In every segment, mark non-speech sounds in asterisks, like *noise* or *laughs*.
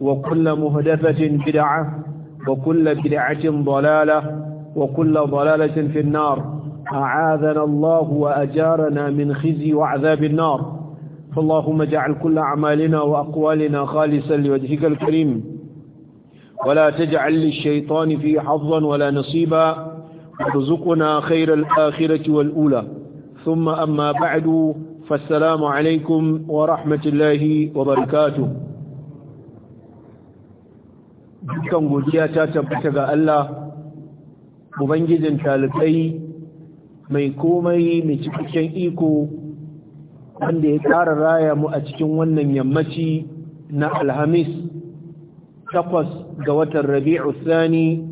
وكل مهدفة بدعة وكل بدعة ضلالة وكل ضلالة في النار أعاذنا الله وأجارنا من خزي وعذاب النار فاللهم اجعل كل أعمالنا وأقوالنا خالصا لوجهك الكريم ولا تجعل للشيطان في حظا ولا نصيبا وارزقنا خير الآخرة والأولى ثم أما بعد فالسلام عليكم ورحمة الله وبركاته dukkan godiya ta tabbata ga Allah ubangijin talibai mai komai mai cikakken iko wanda ya ƙara raya mu a cikin wannan yammaci na alhamis takwas ga watan rabi'u sani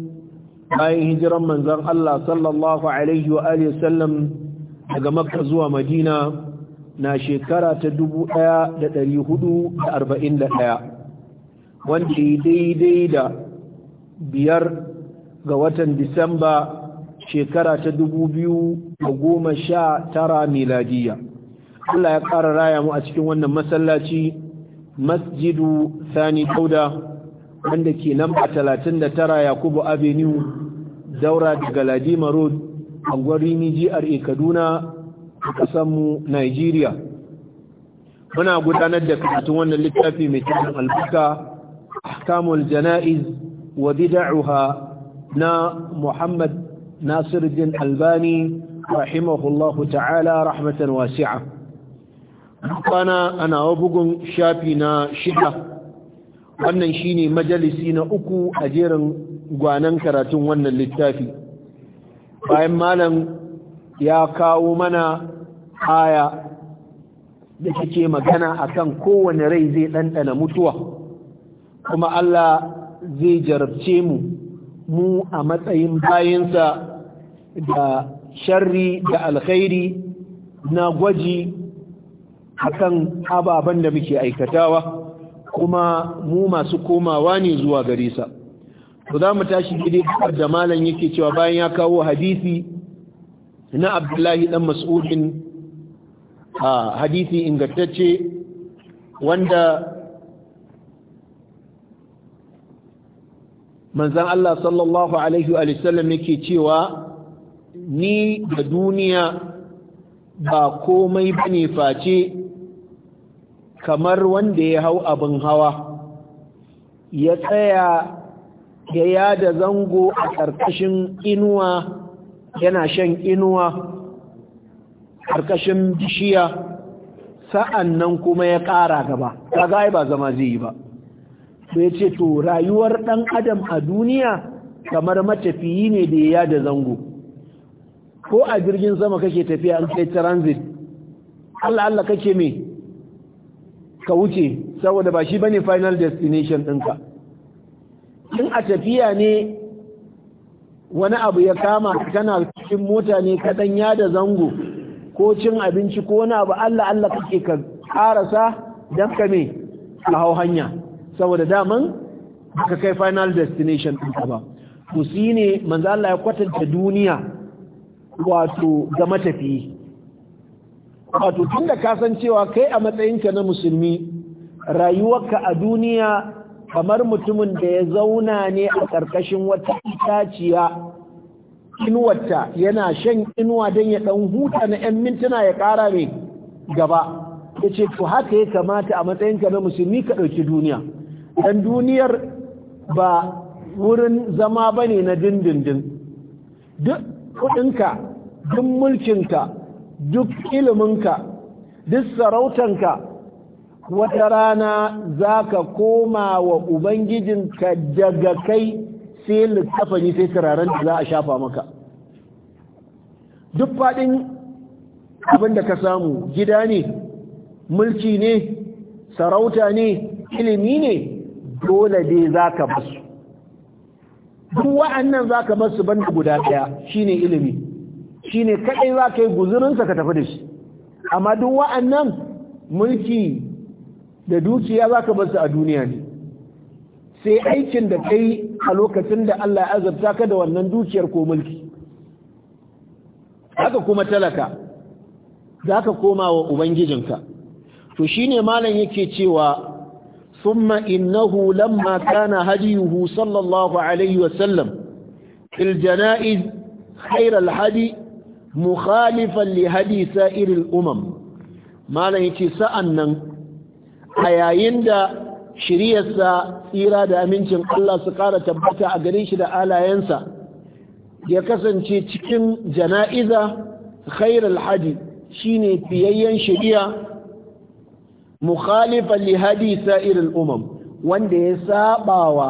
bayan hijiran manzon Allah sallallahu alaihi wa alihi sallam daga makka zuwa madina na shekara ta 1441 wanda ya daidai da biyar ga watan disamba shekara ta dubu biyu da goma sha tara miladiya Allah ya ƙara raya mu a cikin wannan masallaci masjidu sani dauda wanda ke ba talatin da tara yakubu avenue daura daga ladima road a gwarini a kaduna a ƙasanmu nigeria muna gudanar da karatun wannan littafi mai cikin albuka jana'iz الجنائز وبدعها نا محمد ناصر الدين الباني رحمه الله تعالى رحمة واسعة أنا bugun shafi na شدة wannan shine majalisi na uku a jerin gwanan karatun wannan littafi bayan malam ya kawo mana aya da take magana akan kowane rai zai ɗanɗana mutuwa kuma Allah zai jarabce mu mu a matsayin bayansa da sharri da alkhairi na gwaji akan ababen da muke aikatawa kuma mu masu komawa ne zuwa gare sa to za mu tashi daidai da malam yake cewa bayan ya kawo hadisi na abdullahi dan mas'udin a hadisi ingantacce wanda manzan Allah sallallahu alaihi yake cewa ni da duniya ba komai bane face kamar wanda ya hau abin hawa ya tsaya ya yada zango a ƙarƙashin inuwa yana shan inuwa ƙarƙashin bishiya sa'an nan kuma ya ƙara gaba ta ba zama zai yi ba to ya ce to rayuwar ɗan adam a duniya kamar matafiyi ne da ya da zango ko a jirgin sama kake tafiya an kai transit Allah Allah kake me ka wuce saboda ba shi bane final destination ɗinka in a tafiya ne wani abu ya kama kana cikin mota ne kaɗan ya da zango ko cin abinci ko wani abu Allah Allah kake ka ƙarasa don ka me a hau hanya saboda daman baka kai final destination ɗin ba to shi ne manzo Allah ya kwatanta duniya wato ga matafi. wato tunda ka san cewa kai a matsayinka na musulmi rayuwarka a duniya kamar mutumin da ya zauna ne a ƙarƙashin wata itaciya inuwarta yana shan inuwa don ya ɗan huta na 'yan mintuna ya ƙara mai gaba ya ce ku haka ya kamata a matsayinka na musulmi ka ɗauki duniya dan duniyar ba wurin zama bane na dindindin duk kudinka duk mulkinka duk iliminka duk sarautanka wata rana za ka koma wa ubangijinka daga kai sai littafani sai turaren da za a shafa maka duk faɗin abin da ka samu gida ne mulki ne sarauta ne ilimi ne dole dai za ka basu duk wa'annan za ka basu banda guda ɗaya shine ilimi shine kaɗai za ka yi guzurinsa ka tafi da shi amma duk wa'annan mulki da dukiya za ka basu a duniya ne sai aikin da kai a lokacin da Allah ya azabta ka da wannan dukiyar ko mulki haka kuma talaka za ka koma wa ubangijinka to shine malam yake cewa ثم إنه لما كان هديه صلى الله عليه وسلم في الجنائز خير الهدي مخالفا لهدي سائر الأمم ما لنكي سأنن أيين دا شريع سا إيرا دا أمينشن الله سقارة تبتع أقريش دا آلا ينسى يكسن شي تكن جنائزة خير الهدي شيني بيين شريع mukhalifan li hadi irin umam wanda ya sabawa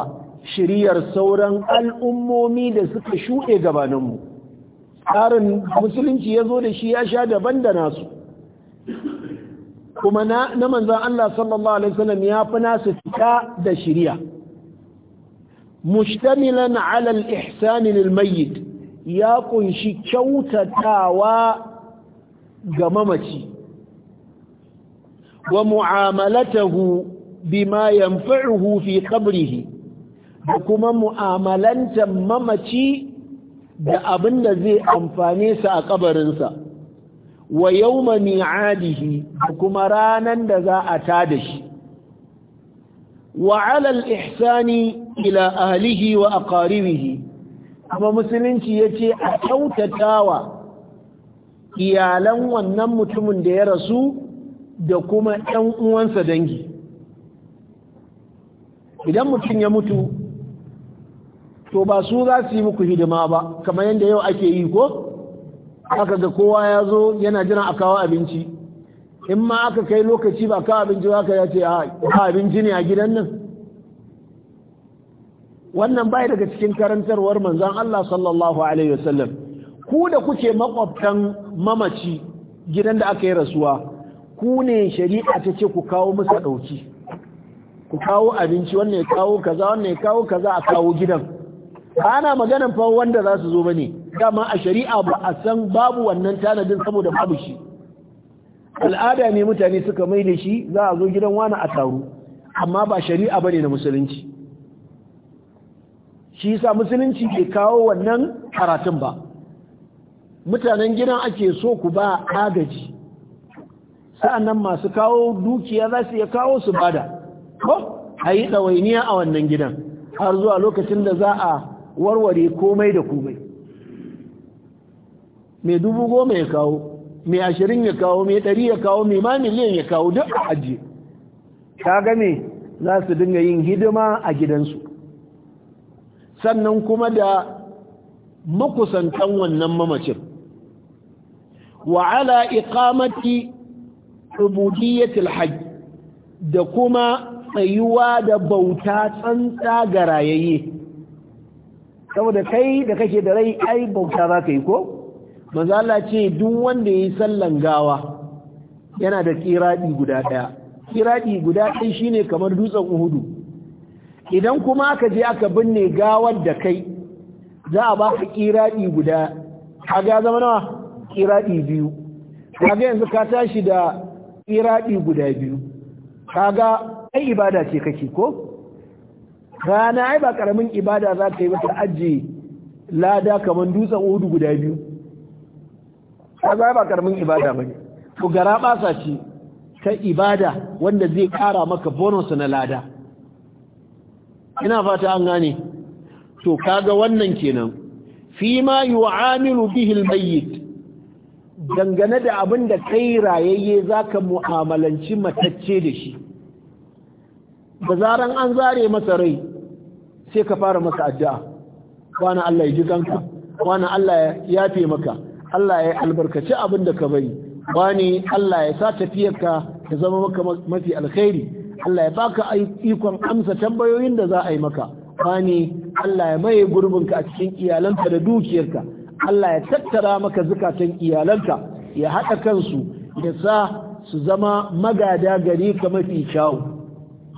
shiriyar sauran al'ummomi da suka shuɗe gabaninmu tsarin musulunci ya zo da shi ya sha daban da nasu kuma na manzan Allah sallallahu Alaihi wasallam ya fi nasu fita da shiriya mushtamilan alal ihsanin mayyit ya kunshi kyautatawa ga mamaci ومعاملته بما ينفعه في قبره وكما معاملة ممتي da abin da zai amfane sa a kabarinsa wa yawma mi'adihi kuma ranan da za a tada shi wa 'ala al-ihsani ila ahlihi wa aqaribihi Kuma musulunci yace a kyautatawa iyalan wannan mutumin da ya rasu da kuma ‘yan uwansa dangi idan mutum ya mutu to ba su za su yi muku hidima ba kamar yadda yau ake yi ko aka ga kowa ya zo yana jina a kawo abinci in ma aka kai lokaci ba kawo abinci ba ka ya ce a abinci ne a gidan nan wannan bai daga cikin karantarwar manzan Allah sallallahu Alaihi wasallam ku da kuke makwabtan mamaci gidan da aka yi rasuwa ku ne shari'a ta ce ku kawo masa ɗauki ku kawo abinci wannan ya kawo kaza wannan ya kawo kaza a kawo gidan ba ana maganan fa wanda za su zo ba ne dama a shari'a ba a san babu wannan tanadin saboda babu shi al'ada ne mutane suka mai da shi za a zo gidan wani a taru amma ba shari'a ba ne na musulunci shi yasa musulunci ke kawo wannan karatun ba mutanen gidan ake so ku ba agaji sa'annan masu kawo dukiya za su iya kawo su bada ko a yi ɗawainiya a wannan gidan har zuwa lokacin da za a warware komai da komai mai dubu goma ya kawo mai ashirin ya kawo mai ɗari ya kawo mai ma miliyan ya kawo duk a ajiye ta game za su dinga yin hidima a gidansu sannan kuma da makusantan wannan mamacin wa ala ya hajj da kuma tsayuwa da bauta tsantsa ga rayayye saboda kai da kake da rai ai bauta za ka yi ko Maza Allah ce duk wanda ya yi sallan gawa yana da kiradi guda daya kiradi guda ɗaya shine kamar dutsen Uhudu idan kuma aka je aka binne gawar da kai za a ba ka kiradi guda kaga zama nawa kiradi biyu kaga yanzu ka tashi da iradi guda biyu kaga ai ibada ce kake ko rana ai ba karamin ibada za ka yi ba ta ajiye lada kamar dutsen odu guda biyu kaga ba karamin ibada ba ne to gara basa ce ta ibada wanda zai kara maka bonus na lada ina fata an gane to kaga wannan kenan fi ma yu'amilu bihi al-mayyit dangane da abin da kai rayayye za ka mu'amalanci matacce da shi da zaran an zare masa rai sai ka fara masa addu'a wani Allah ya ji kanka wani Allah ya yafe maka Allah ya albarkaci abin da ka bari wani Allah ya sa tafiyarka ta zama maka mafi alkhairi Allah ya baka ikon amsa tambayoyin da za a yi maka wani Allah ya maye gurbinka a cikin iyalanka da dukiyarka Allah ya tattara maka zukatan iyalanka ya haɗa kansu ya sa su zama magada gari ka mafi kyawu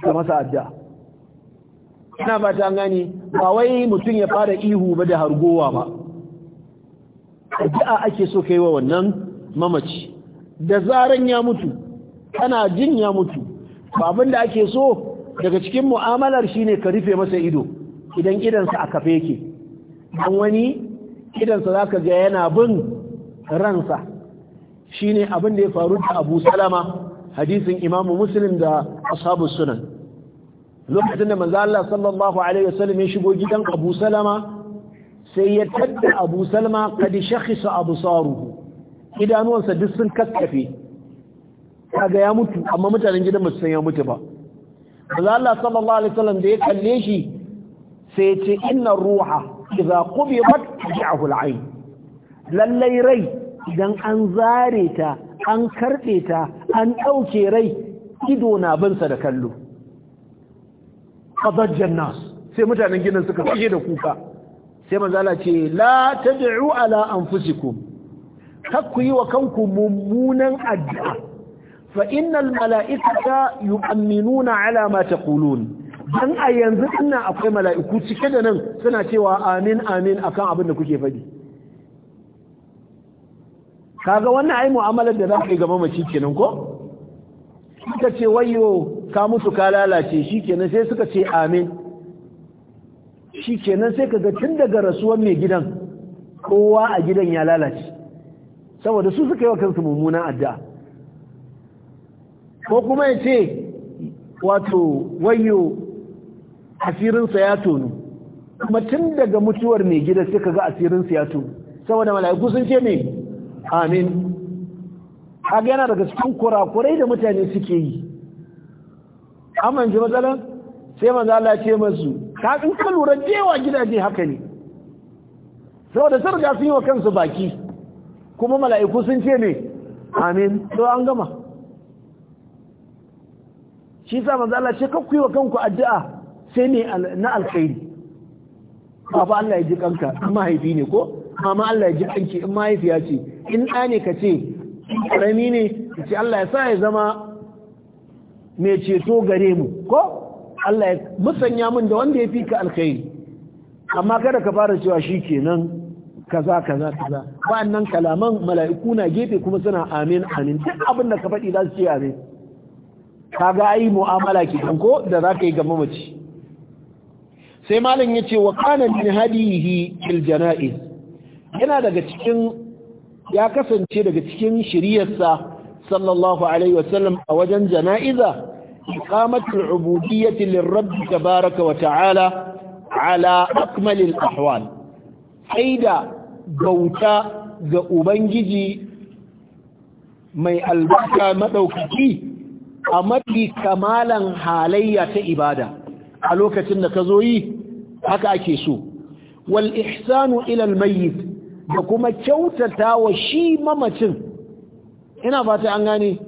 ka masa adda ina fata ta gani ba wai mutum ya fara ihu ba da hargowa ba addu'a ake so kai wa wannan mamaci da zaran ya mutu kana jin ya mutu ba da ake so daga cikin mu'amalar shine ka rufe masa ido idan idansa a kafe yake dan wani idansa za ka ga yana bin ransa shi ne abin da ya faru da abu salama hadisin imamu muslim da ashabu sunan lokacin da manzo Allah sallallahu alaihi wasallam ya shigo gidan abu salama sai ya tadda abu salama kad shakhisa absaruhu idanuwansa duk sun kaskafe kaga ya mutu amma mutanen gidan ba su san ya mutu ba manzo Allah sallallahu alaihi wasallam da ya kalle shi sai ya ce inna ruha idza qubidat a al'ayn lallai rai idan an zare ta an karɓe ta an ɗauke rai ido na bansa da kallo qadajjan nas sai mutanen ginin suka kashe da kuka sai manzala ce la tad'u ala anfusikum kakku yi wa kanku mummunan addu'a fa innal mala'ikata yu'minuna ala ma taqulun dan a yanzu ina akwai mala'iku cike da nan suna cewa amin amin akan abin da kuke faɗi kaga wannan ai mu'amalar da za ka yi ga mamaci kenan ko suka ce wayo ka mutu ka lalace shikenan sai suka ce amin shikenan sai kaga tun daga rasuwar mai gidan kowa a gidan ya lalace saboda su suka yi wa kansu mummunan addu'a ko kuma ya ce wato wayo asirinsa ya tonu kuma tun daga mutuwar mai gida sai kaga asirinsa ya tonu saboda mala'iku sun ce ne amin kaga yana daga cikin kurakurai da mutane suke yi amman ji matsala sai manzo Allah ce masu ka in ka lura jewa gidaje haka ne saboda sun riga sun yi wa kansu baki kuma mala'iku sun ce ne amin to an gama shi sa manzo Allah ce kakkuyi wa kanku addu'a sai ne na alkhairi baba Allah ya ji kanka in mahaifi ne ko mama Allah ya ji kanki in mahaifiya ce in ɗa ne ka ce ƙarami ne ka ce Allah ya sa ya zama mai ceto gare mu ko Allah ya musanya min da wanda ya fi ka alkhairi amma kada ka fara cewa shi kenan kaza kaza kaza nan kalaman mala'iku na gefe kuma suna amin amin duk abin da ka faɗi za su ce amin kaga ai mu'amala ki ko da za ka yi ga mamaci sai malam ya wa kana min hadihi fil janaiz yana daga cikin ya kasance daga cikin shiriyarsa sallallahu alaihi wasallam a wajen janaiza iqamatul ubudiyyati lirabb tabaaraka wa ta'ala ala akmalil ahwal aida bauta ga ubangiji mai albarka madaukaki a mafi kamalan halayya ta ibada a lokacin da ka zo yi haka ake so wal ihsanu ila al mayyit da kuma kyautata wa shi mamacin ina fata an gane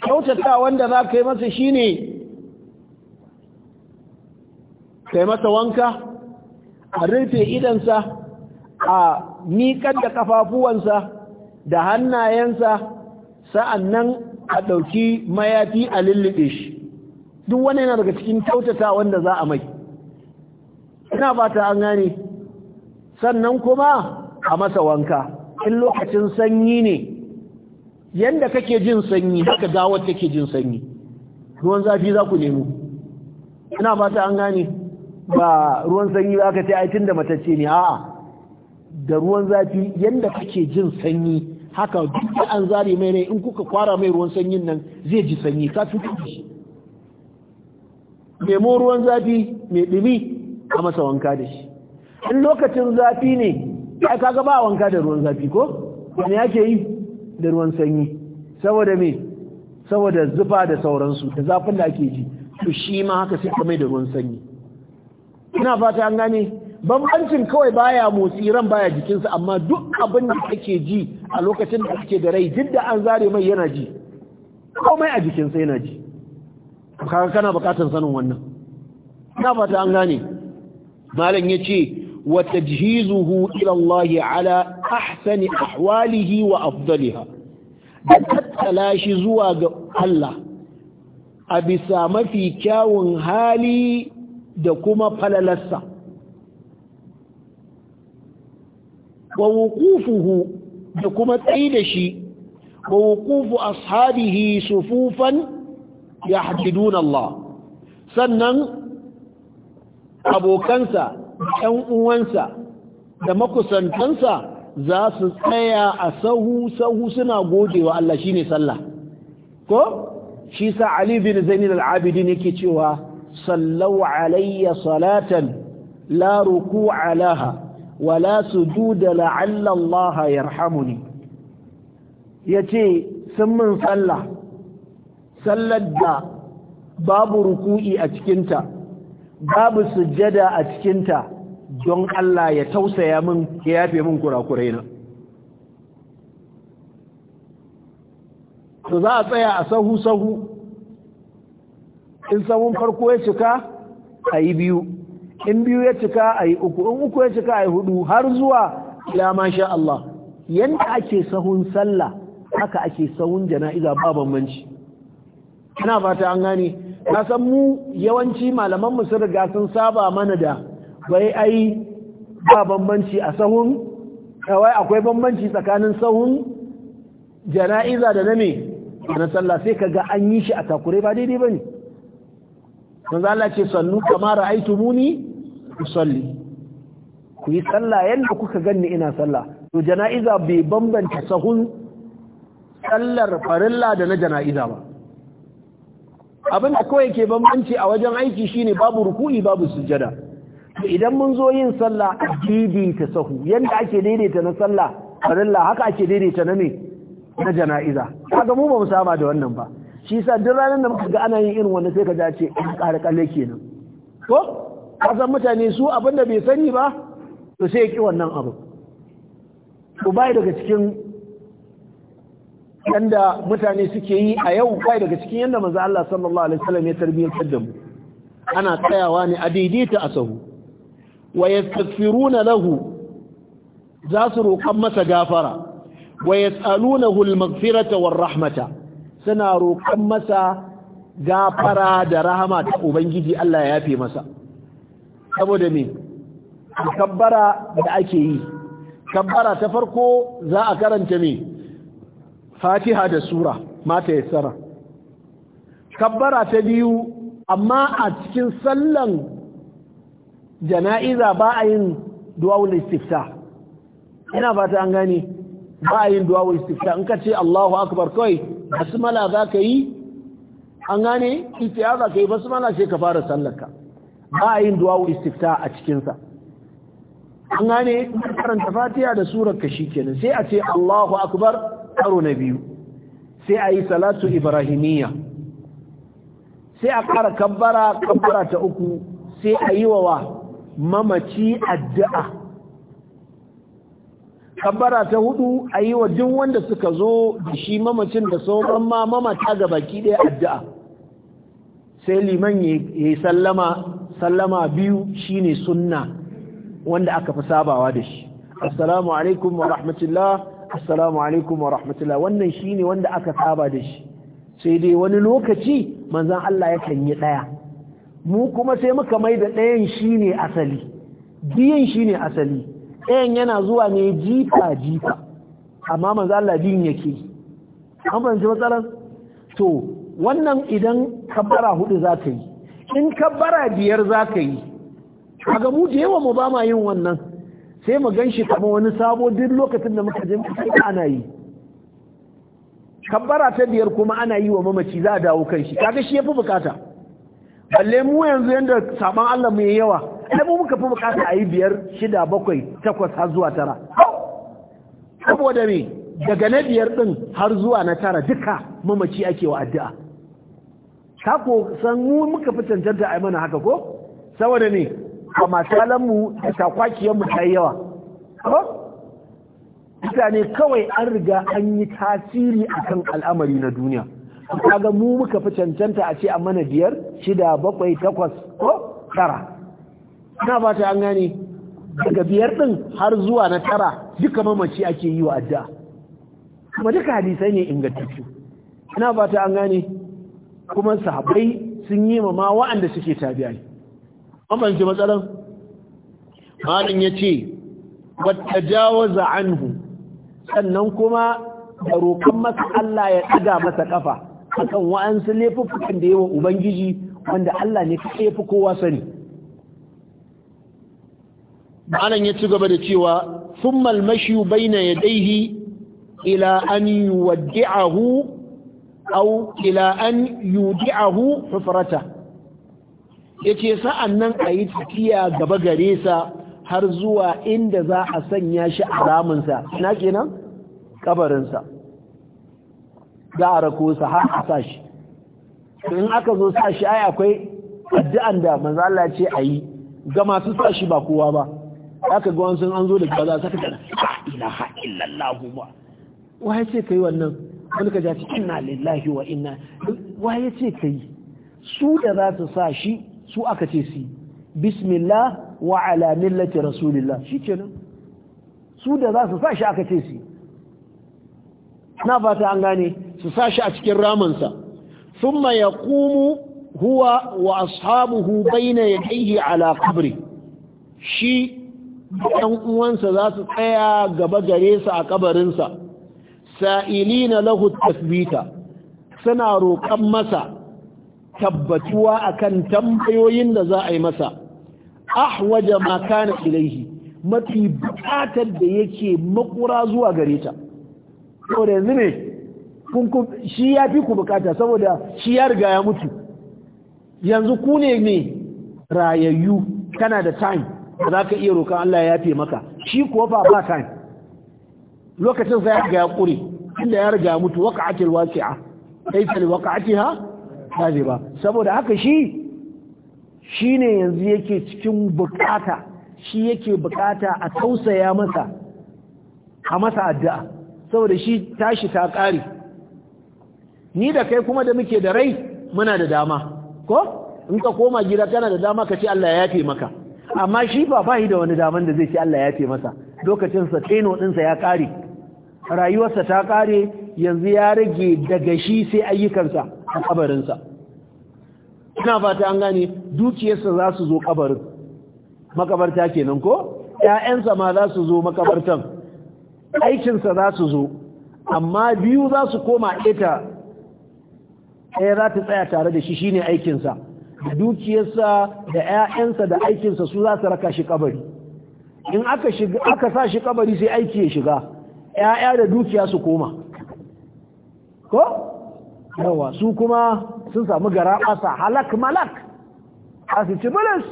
kyautata wanda za ka yi masa shine kai masa wanka a rufe idansa a miƙar da kafafuwansa da hannayensa sa'annan a ɗauki mayafi a lullube shi duk wani yana daga cikin kyautata wanda za a mai ina fata an gane sannan kuma a masa wanka in lokacin sanyi ne yanda kake jin sanyi haka gawar take jin sanyi ruwan zafi za ku nemo ina fata an gane ba ruwan sanyi ba ka ce aikin da matacce ne a'a da ruwan zafi yanda kake jin sanyi haka duk an zare mai ne in kuka kwara mai ruwan sanyin nan zai ji sanyi ka tutu shi nemo ruwan zafi mai dumi a masa wanka da shi in lokacin zafi ne ya kaga ba wanka da ruwan zafi ko wani yake yi da ruwan sanyi saboda me saboda zufa da sauransu da zafin da ake ji to shi ma haka sai kamar da ruwan sanyi ina fata an gane bambancin kawai baya motsi ran baya jikinsa amma duk abin da kake ji a lokacin da ake da rai duk da an zare mai yana ji komai a jikinsa yana ji kaga kana bukatar sanin wannan Na fata an gane malam yace wa hu, ila Allah ala ahsani ahwalihi wa afdaliha da tattala shi zuwa ga Allah a bisa mafi kyawun hali da kuma falalarsa wa da kuma tsai da shi wa wuqufu ashabihi sufufan yahdiduna Allah sannan abokansa ɗan uwansa da makusantansa za su tsaya a sahu sahu suna godewa Allah shine sallah ko shi sa Ali bin Zainul abidin yake cewa sallau alayya salatan la ruku'a laha wala sujuda la'alla Allah yarhamuni yace sun min sallah sallar da babu ruku'i a cikinta babu sujjada a cikinta don Allah ya tausaya min ya yafe min kurakurai na to za a tsaya a sahu sahu in sahun farko ya cika a yi biyu in biyu ya cika a yi uku in uku ya cika a yi hudu har zuwa ila masha Allah yanda ake sahun sallah haka ake sahun jana'iza ba bambanci Ana fata an gane ka san mu yawanci malaman mu sun riga sun saba mana da wai ai ba bambanci a sahun eh, wai akwai bambanci tsakanin sahun jana'iza da na me na sallah sai kaga an yi shi a takure ba daidai bane manzo Allah ce sallu kama ra'aytumuni usalli ku yi sallah yanda kuka ganni ina sallah to jana'iza bai bambanta sahun sallar farilla da na jana'iza ba abin da kawai ke bambanci a wajen aiki shine babu ruku'i babu sujada. idan mun zo yin sallah ta sahu yanda ake daidaita na sallah farilla haka ake daidaita na me na jana'iza kaga mu ba mu saba da wannan ba shi yasa duk ranar da muka ga ana yin irin wannan sai ka ga ce in ƙara kalle kenan ko kasan mutane su abin da bai sani ba to sai ya ki wannan abu to bai daga cikin yanda mutane suke yi a yau kai daga cikin yanda manzo Allah sallallahu alaihi wasallam ya tarbiyyar da mu ana tsayawa ne a daidaita a sahu wa yastaghfiruna lahu za su roƙan masa gafara wa yas'alunahu al-maghfirata war-rahmata suna roƙan masa gafara da rahama ta ubangiji Allah ya yafe masa saboda me kabbara da ake yi kabbara ta farko za a karanta me fatiha da sura mata ya tsara kabbara ta biyu amma a cikin sallan jana'iza ba a yin duwawul istifta ina fata an gane ba a yin duwawul istifta in ka ce Allahu akbar kawai basmala za ka yi an gane istiaza kai basmala ce ka fara sallaka ba a yin duwawul istifta a cikin sa an gane karanta fatiha da surar ka kenan sai a ce Allahu akbar karo na biyu sai a yi salatu ibrahimiyya sai a ƙara kabbara kabbara ta uku sai a yi wawa mamaci addu'a kabbara ta hudu a yi wa duk wanda suka zo da shi mamacin da sauran ma mamata ga baki ɗaya addu'a sai liman ya yi sallama sallama biyu shine sunna wanda aka fi sabawa da shi assalamu alaikum wa rahmatullah assalamu alaikum wa rahmatullah wannan shine wanda aka saba da shi sai dai wani lokaci manzon Allah yakan yi ɗaya. mu kuma sai muka mai da dayan shine asali biyan shine asali ɗayan yana zuwa ne jifa jifa amma manzon Allah biyun yake an fahimci matsalar to wannan idan kabbara hudu za ka yi in kabbara biyar za ka yi kaga mu da yawa mu ba ma yin wannan sai mu gan shi kamar wani sabo duk lokacin da muka je ana yi kabbara ta biyar kuma ana yi wa mamaci za a dawo kan shi kaga shi yafi bukata balle mu yanzu yadda saban Allah mu yawa ai mu muka fi bukata a yi biyar shida bakwai takwas har zuwa tara saboda me daga na biyar din har zuwa na tara duka mamaci ake wa addu'a ka ko san mu muka fi cancanta a mana haka ko saboda ne a matalanmu da mu ta yawa mutane kawai an riga an yi tasiri akan al'amari na duniya kaga mu muka fi cancanta a ce a mana biyar shida bakwai takwas ko tara na ba ta an gane daga biyar ɗin har zuwa na tara duka mamaci ake yi wa addu'a kuma duka hadisai ne ingantattu na ba ta an gane kuma sahabbai sun yi ma ma wa'anda suke tabi'ai an ji matsalan malin ya ce wata jawaza anhu sannan kuma da roƙon masa Allah ya ɗaga masa ƙafa akan wa'ansu laifukan da yawa ubangiji wanda Allah ne kaɗai fi kowa sani malin ya ci gaba da cewa thumma al-mashi bayna yadayhi ila an yuwaddi'ahu aw ila an yudi'ahu ce sa'an nan a yi tafiya gaba gare sa har zuwa inda za a sanya shi a ramunsa na kenan kabarinsa za a rako sa har a sa shi in aka zo sa shi ai akwai addu'an da manzo Allah ce a yi ga masu sa shi ba kowa ba aka ga wani sun an zo da kaza saka da ilaha illallah ba waye ce kai wannan wani ka ji inna lillahi wa inna waye ce kai su da za su sa shi su aka ce si bismillah wa ala millati rasulillah shikenan su da za su sashi aka ce si na fata an gane su sashi a cikin ramansa thumma yaqumu huwa wa ashabuhu bayna yadayhi ala qabri shi ɗan uwansa za su tsaya gaba gare sa a kabarinsa sa'ilina lahu tasbita suna roƙan masa tabbatuwa akan tambayoyin da za a yi masa ahwaja ma kana ilaihi mafi bukatar da yake makura zuwa gare ta saboda yanzu ne shi ya fi ku bukata saboda shi ya riga ya mutu yanzu ku ne ne rayayyu kana da time za ka iya roƙon Allah ya fi maka shi kuwa ba ba time lokacin sai ya riga ya ƙure inda ya riga ya mutu waƙa'atil wasi'a waka ake ha ba saboda haka shi shi ne yanzu yake cikin bukata shi yake bukata a tausaya masa a masa addu'a saboda shi tashi ta ƙari ni da kai kuma da muke da rai muna da dama ko in ka koma gida kana da dama ka ce Allah ya yafe maka amma shi ba bai da wani daman da zai ce Allah ya yafe masa lokacinsa tseno ɗinsa ya ƙare rayuwarsa ta ƙare yanzu ya rage daga shi sai ayyukansa a kabarinsa ina fata an gane dukiyarsa za su zo kabarin makabarta kenan ko ƴaƴansa ma za su zo makabartan aikinsa za su zo amma biyu za su koma ita ɗaya za ta tsaya tare da shi shine aikinsa dukiyarsa da ƴaƴansa da aikinsa su za su raka shi kabari in aka aka sa shi kabari sai aiki ya shiga ƴaƴa da dukiya su koma ko yawa su kuma sun samu gara asa halak malak asici bilis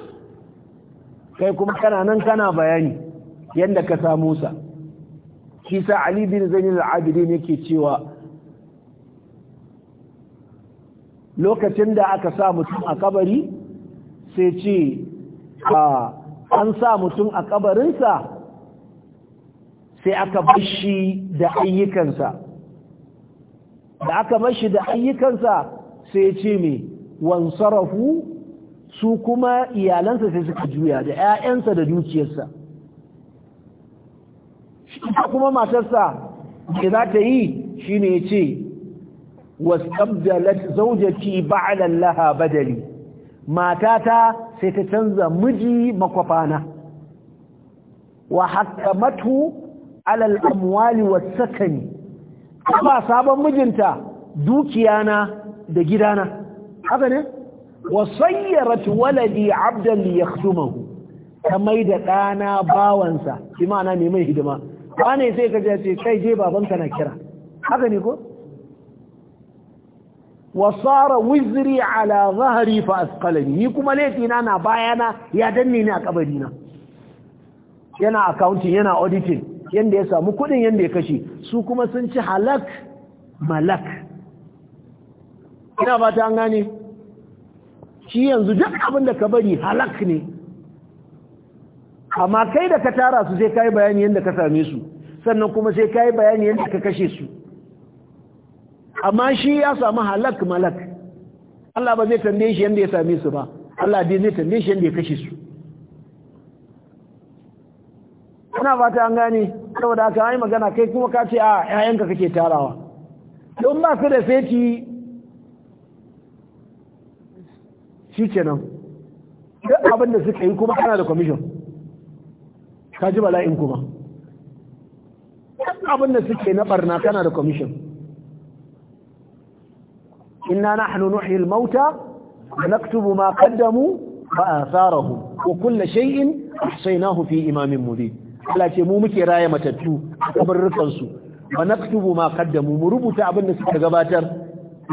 kai kuma kana nan kana bayani yadda ka samu sa shi sa ali bin zainul abidin yake cewa lokacin da aka sa mutum a kabari sai ce an sa mutum a kabarinsa sai aka bashi da ayyukansa da aka mashi da ayyukansa sai ya ce me wansarafu su kuma iyalansa sai suka juya da 'ya'yansa da dukiyarsa ita kuma matarsa da za ta yi shine ya ce wasabdalat zaujaki ba'lan laha badali matata sai ta canza miji makwafana wa hakamatu alal amwali was sakani ba sabon mijinta dukiyana da gidana haka ne wasayyarat waladi abdan li yakhdumahu ta da ɗana bawansa shi ma'ana ne mai hidima wane sai ka ce kai je babanka na kira haka ne ko wasara wizri ala zahri fa asqalani ni kuma laifina na bayana ya danne ni a kabarina yana accounting yana auditing yanda ya samu kudin yanda ya kashe su kuma sun ci halak malak ina ba ta an gane shi yanzu duk abin da ka bari halak ne amma kai da ka tara su sai ka yi bayani yadda ka same su sannan kuma sai ka yi bayani yadda ka kashe su amma shi ya samu halak malak Allah ba zai tambaye shi yadda ya same su ba Allah dai zai tambaye shi yadda ya kashe su ina fata an gane saboda haka ai magana kai kuma ka ce a ƴaƴanka kake tarawa don ba su da feti shi nan, duk abin da suka yi kuma ana da commission ka ji bala'in kuma duk abin da suke na barna kana da commission inna nahnu nuhyi al-mauta wa naktubu ma qaddamu wa atharahum wa kull shay'in ahsaynahu fi imamin mubin Allah ce mu muke raya matattu a kabarrukan Ba na kutubu ma kaddamu. mu rubuta abin da suka gabatar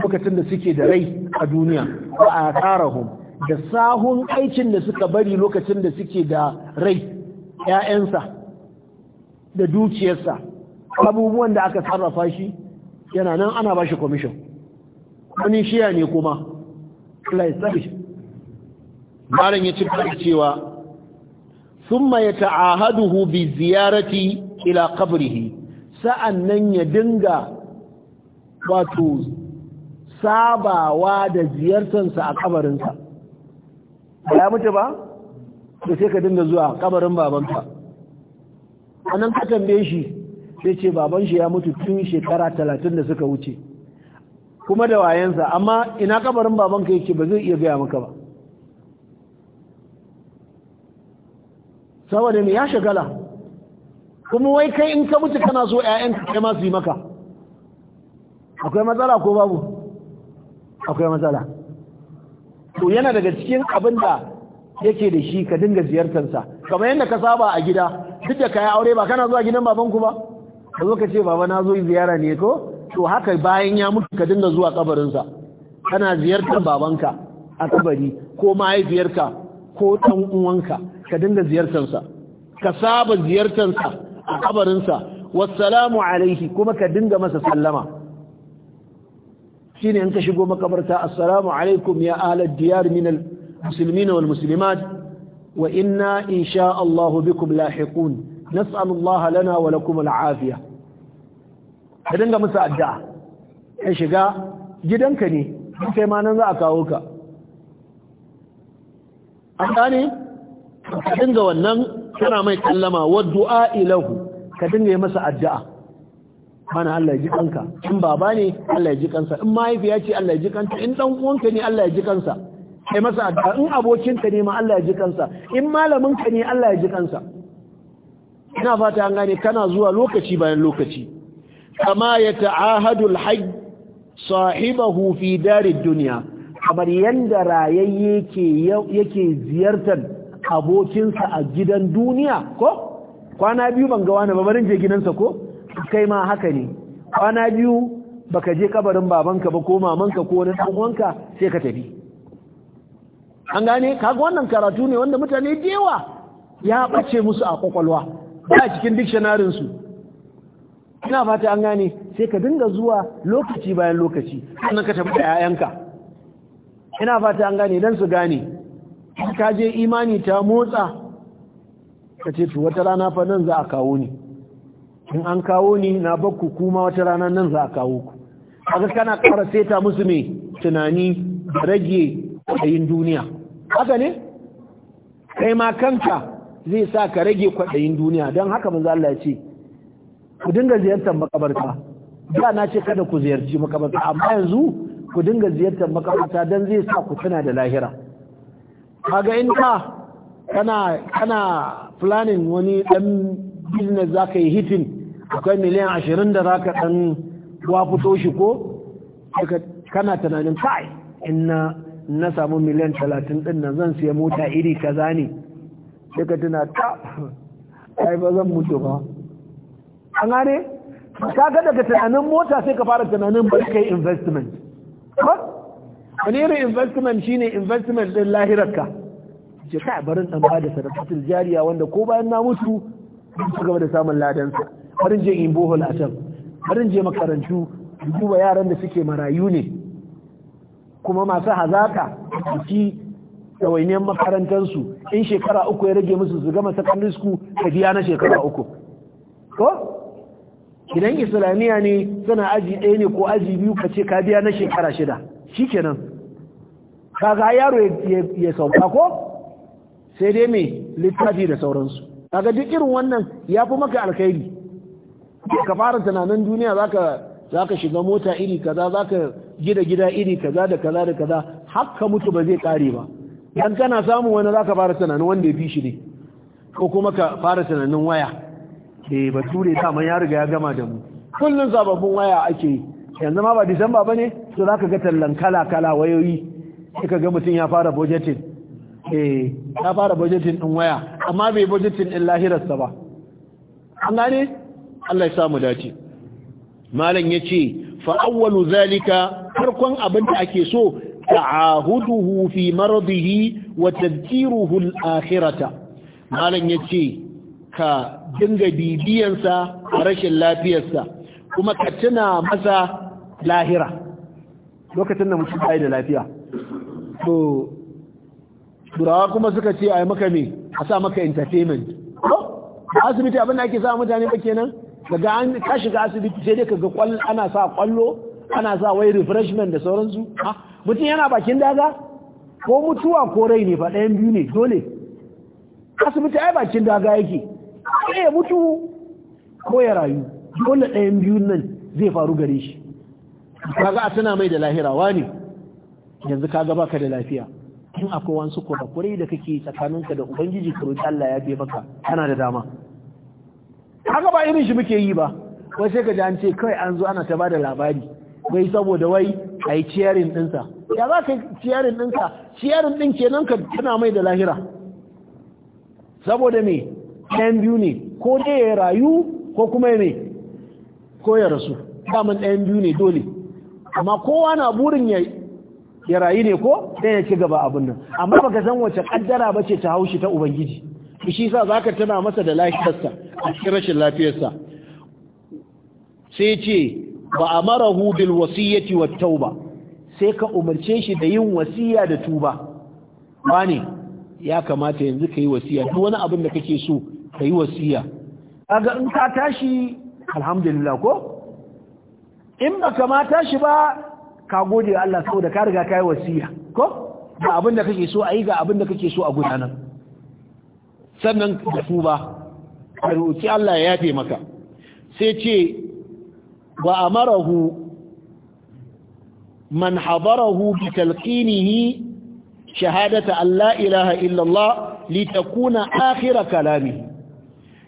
lokacin da suke da rai a duniya a atharahum da sahun aikin da suka bari lokacin da suke da rai 'ya'yansa da dukiyarsa abubuwan da aka sarrafa shi yana nan ana ba shi commission wani shiya ne kuma Allah ya tsare malam ya ci cewa thumma yata'ahaduhu bi ziyarati ila sa'an nan ya dinga wato sabawa da ziyartarsa a kabarinsa ba ya mutu ba da sai dinga zuwa kabarin babanka anan ka tambaye shi sai ce baban shi ya mutu tun shekara talatin da suka wuce kuma da wayansa amma ina kabarin babanka yake ba zai iya gaya maka ba saboda ne ya shagala kuma wai kai in ka mutu kana so ƴaƴanka kai ma su yi maka akwai matsala ko babu akwai matsala to yana daga cikin abin da yake da shi ka dinga ziyartarsa kamar yadda ka saba a gida duk da ka aure ba kana zuwa gidan babanku ba ka zo ka ce baba na zo ziyara ne ko to haka bayan ya mutu ka dinga zuwa kabarinsa kana ziyartar babanka a kabari ko mahaifiyarka ko ɗan uwanka ka dinga ziyartarsa ka saba ziyartarsa a kabarinsa wassalamu alaihi kuma ka dinga masa sallama shine in ka shigo makabarta assalamu alaikum ya ahlal diyar min al muslimina wal muslimat wa inna insha Allah bikum lahiqun nas'al Allah lana wa lakum al afiya ka dinga masa addu'a ka shiga gidanka ne kai ma nan za a kawo ka an gane ka dinga wannan kana mai kallama wa du'a ilahu ka dinga yi masa addu'a mana Allah ya ji kanka in baba ne Allah ya ji kansa in mahaifiya ce Allah ya ji kanta in dan uwanka ne Allah ya ji kansa kai masa addu'a in abokinka ne ma Allah ya ji kansa in malamin ka ne Allah ya ji kansa ina fata an gane kana zuwa lokaci bayan lokaci kama ya ta'ahadu hajj sahibahu fi darid dunya kamar yadda rayayye yake ziyartar abokinsa a gidan duniya ko kwana biyu ban ga wani babarin je gidansa ko kai ma haka ne kwana biyu baka je kabarin babanka ba ko mamanka ko wani uwanka sai ka tafi an gane kaga wannan karatu ne wanda mutane da yawa ya bace musu a kwakwalwa ba cikin dictionarin su ina fata an gane sai ka dinga zuwa lokaci bayan lokaci sannan ka tafi da 'ya'yanka ina fata an gane dan su gane ka je imani ta motsa ka ce to wata rana fa nan za a kawo ni in an kawo ni na bakku kuma wata rana nan za a kawo ku kaga kana ƙara seta musu mai tunani rage kwaɗayin duniya haka ne kai ma kanka zai sa ka rage kwaɗayin duniya don haka manzo Allah ya ce ku dinga ziyartar makabarta da na ce kada ku ziyarci makabarta amma yanzu ku dinga ziyartar makaranta don zai sa ku tuna da lahira kaga in ka kana kana planning wani dan business za ka yi hitin akwai miliyan ashirin da za ka wa fito shi ko kana tunanin kai in na samu miliyan talatin din nan zan siya mota iri kaza ne sai ka tuna ta ai ba zan mutu ba an gane ka ga daga tunanin mota sai ka fara tunanin ba kai investment wani irin investment shine investment din lahirarka ce kai barin dan ba da sadaqatul jariya wanda ko bayan na mutu su gaba da samun ladansa barin je in bohol a can barin je makarantu duba yaran da suke marayu ne kuma masu hazaka jiki makarantar makarantarsu in shekara uku ya rage musu su gama secondary school ka biya na shekara uku ko idan islamiyya ne suna aji ɗaya ne ko aji biyu ka ce ka biya na shekara shida shi shikenan kaga yaro ya sauka ko sai dai mai littafi da sauransu kaga duk irin wannan ya fi maka alkhairi ka fara tunanin duniya za ka shiga mota iri kaza ka gida gida iri kaza da kaza da kaza haka mutu ba zai kare ba dan kana samun wani za ka fara tunanin wanda ya fi shi ne ko kuma ka fara tunanin waya eh bature dama ya riga ya gama da mu kullun sababbin waya ake yanzu ma ba disamba bane to zaka ga tallan kala kala wayoyi kika ga mutum ya fara budgeting eh ya fara budgeting din waya amma bai budgeting din sa ba an gane Allah ya samu dace malam yace fa awwalu zalika farkon abin da ake so ta'ahuduhu fi maradihi wa tadkiruhu al-akhirata malam yace ka dinga bibiyansa a rashin lafiyarsa kuma ka tuna masa lahira lokacin da mutum yi da lafiya to turawa kuma suka ce a yi maka me a sa maka entertainment Ba asibiti abin da ake sa mutane ba kenan daga an ka shiga asibiti sai dai ka ga ana sa kwallo ana sa wai refreshment da sauransu ah, mutum yana bakin daga ko mutuwa ko rai ne fa ɗayan biyu ne dole asibiti ai bakin daga yake sai ya mutu ko ya rayu dole ɗayan biyun nan zai faru gare shi kaga a tana mai da lahira wani yanzu kaga baka da lafiya in akwai wasu kurakurai da kake tsakaninka da ubangiji ka Allah ya bi maka kana da dama kaga ba irin shi muke yi ba wai sai ka ji an ce kai an zo ana ta bada labari wai saboda wai a yi ciyarin dinsa ya za ka ciyarin dinka ciyarin din kenan ka tana mai da lahira saboda me ɗayan biyu ne ko ɗaya ya rayu ko kuma ya ne ko ya rasu daman ɗayan biyu ne dole amma kowa na burin ya ya rayu ne ko ɗaya ya ci gaba abin nan amma baka san wace ƙaddara ba ce ta haushi ta ubangiji shi sa zaka tana masa da lafiyarsa a cikin rashin lafiyarsa sai ce ba a mara bil wasiyyati wa tauba sai ka umarce shi da yin wasiya da tuba ne ya kamata yanzu ka yi wasiya duk wani abin da kake so ka yi wasiya kaga in ka tashi alhamdulillah ko in ba ka ma tashi ba ka gode Allah saboda ka riga ka yi wasiya ko ga abin da kake so a yi ga abin da kake so a gudanar sannan da tuba a roƙi Allah ya yafe maka sai ce wa amarahu man habarahu bi talqinihi shahadata an la ilaha illallah litakuna akhir kalamihi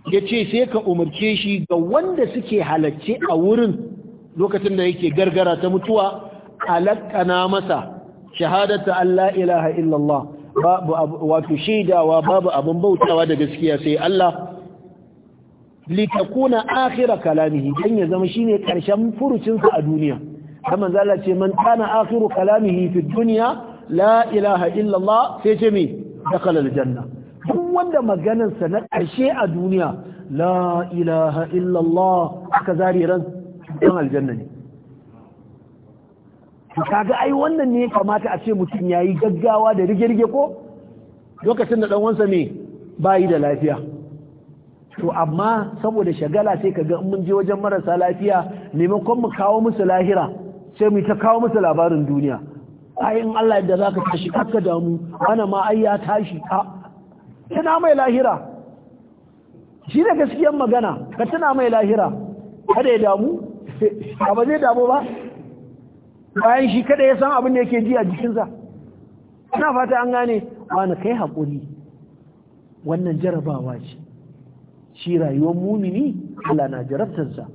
ya ce sai ka umarce shi ga wanda suke halarci a wurin lokacin da yake gargara ta mutuwa alakana masa shahadata Allah ilaha illallah babu wato shaidawa babu abin bautawa da gaskiya sai Allah litakuna akhira kalamihi dan ya zama shine karshen furucinsa a duniya kamar zalla ce man kana akhiru kalamihi fi dunya la ilaha illallah sai ce mi dakhala aljanna wanda maganarsa na ƙarshe a duniya la ilaha illallah aka zari ran don aljanna ne kaga ai wannan ne kamata a ce mutum yayi gaggawa da rige-rige ko lokacin da dan wansa ne bayi da lafiya to amma saboda shagala sai ga in mun je wajen marasa lafiya neman mu kawo musu lahira sai mu ta kawo musu labarin duniya ai in Allah yadda zaka tashi aka damu ana ma ai ya tashi a tana mai lahira shi da gaskiyar magana ka tana mai lahira kada ya damu *laughs* ba zai damu ba bayan shi kada ya san abin da yake ji a jikinsa ina fata an gane wani kai haƙuri wannan jarabawa ce shi rayuwar mumini Allah na jarabtarsa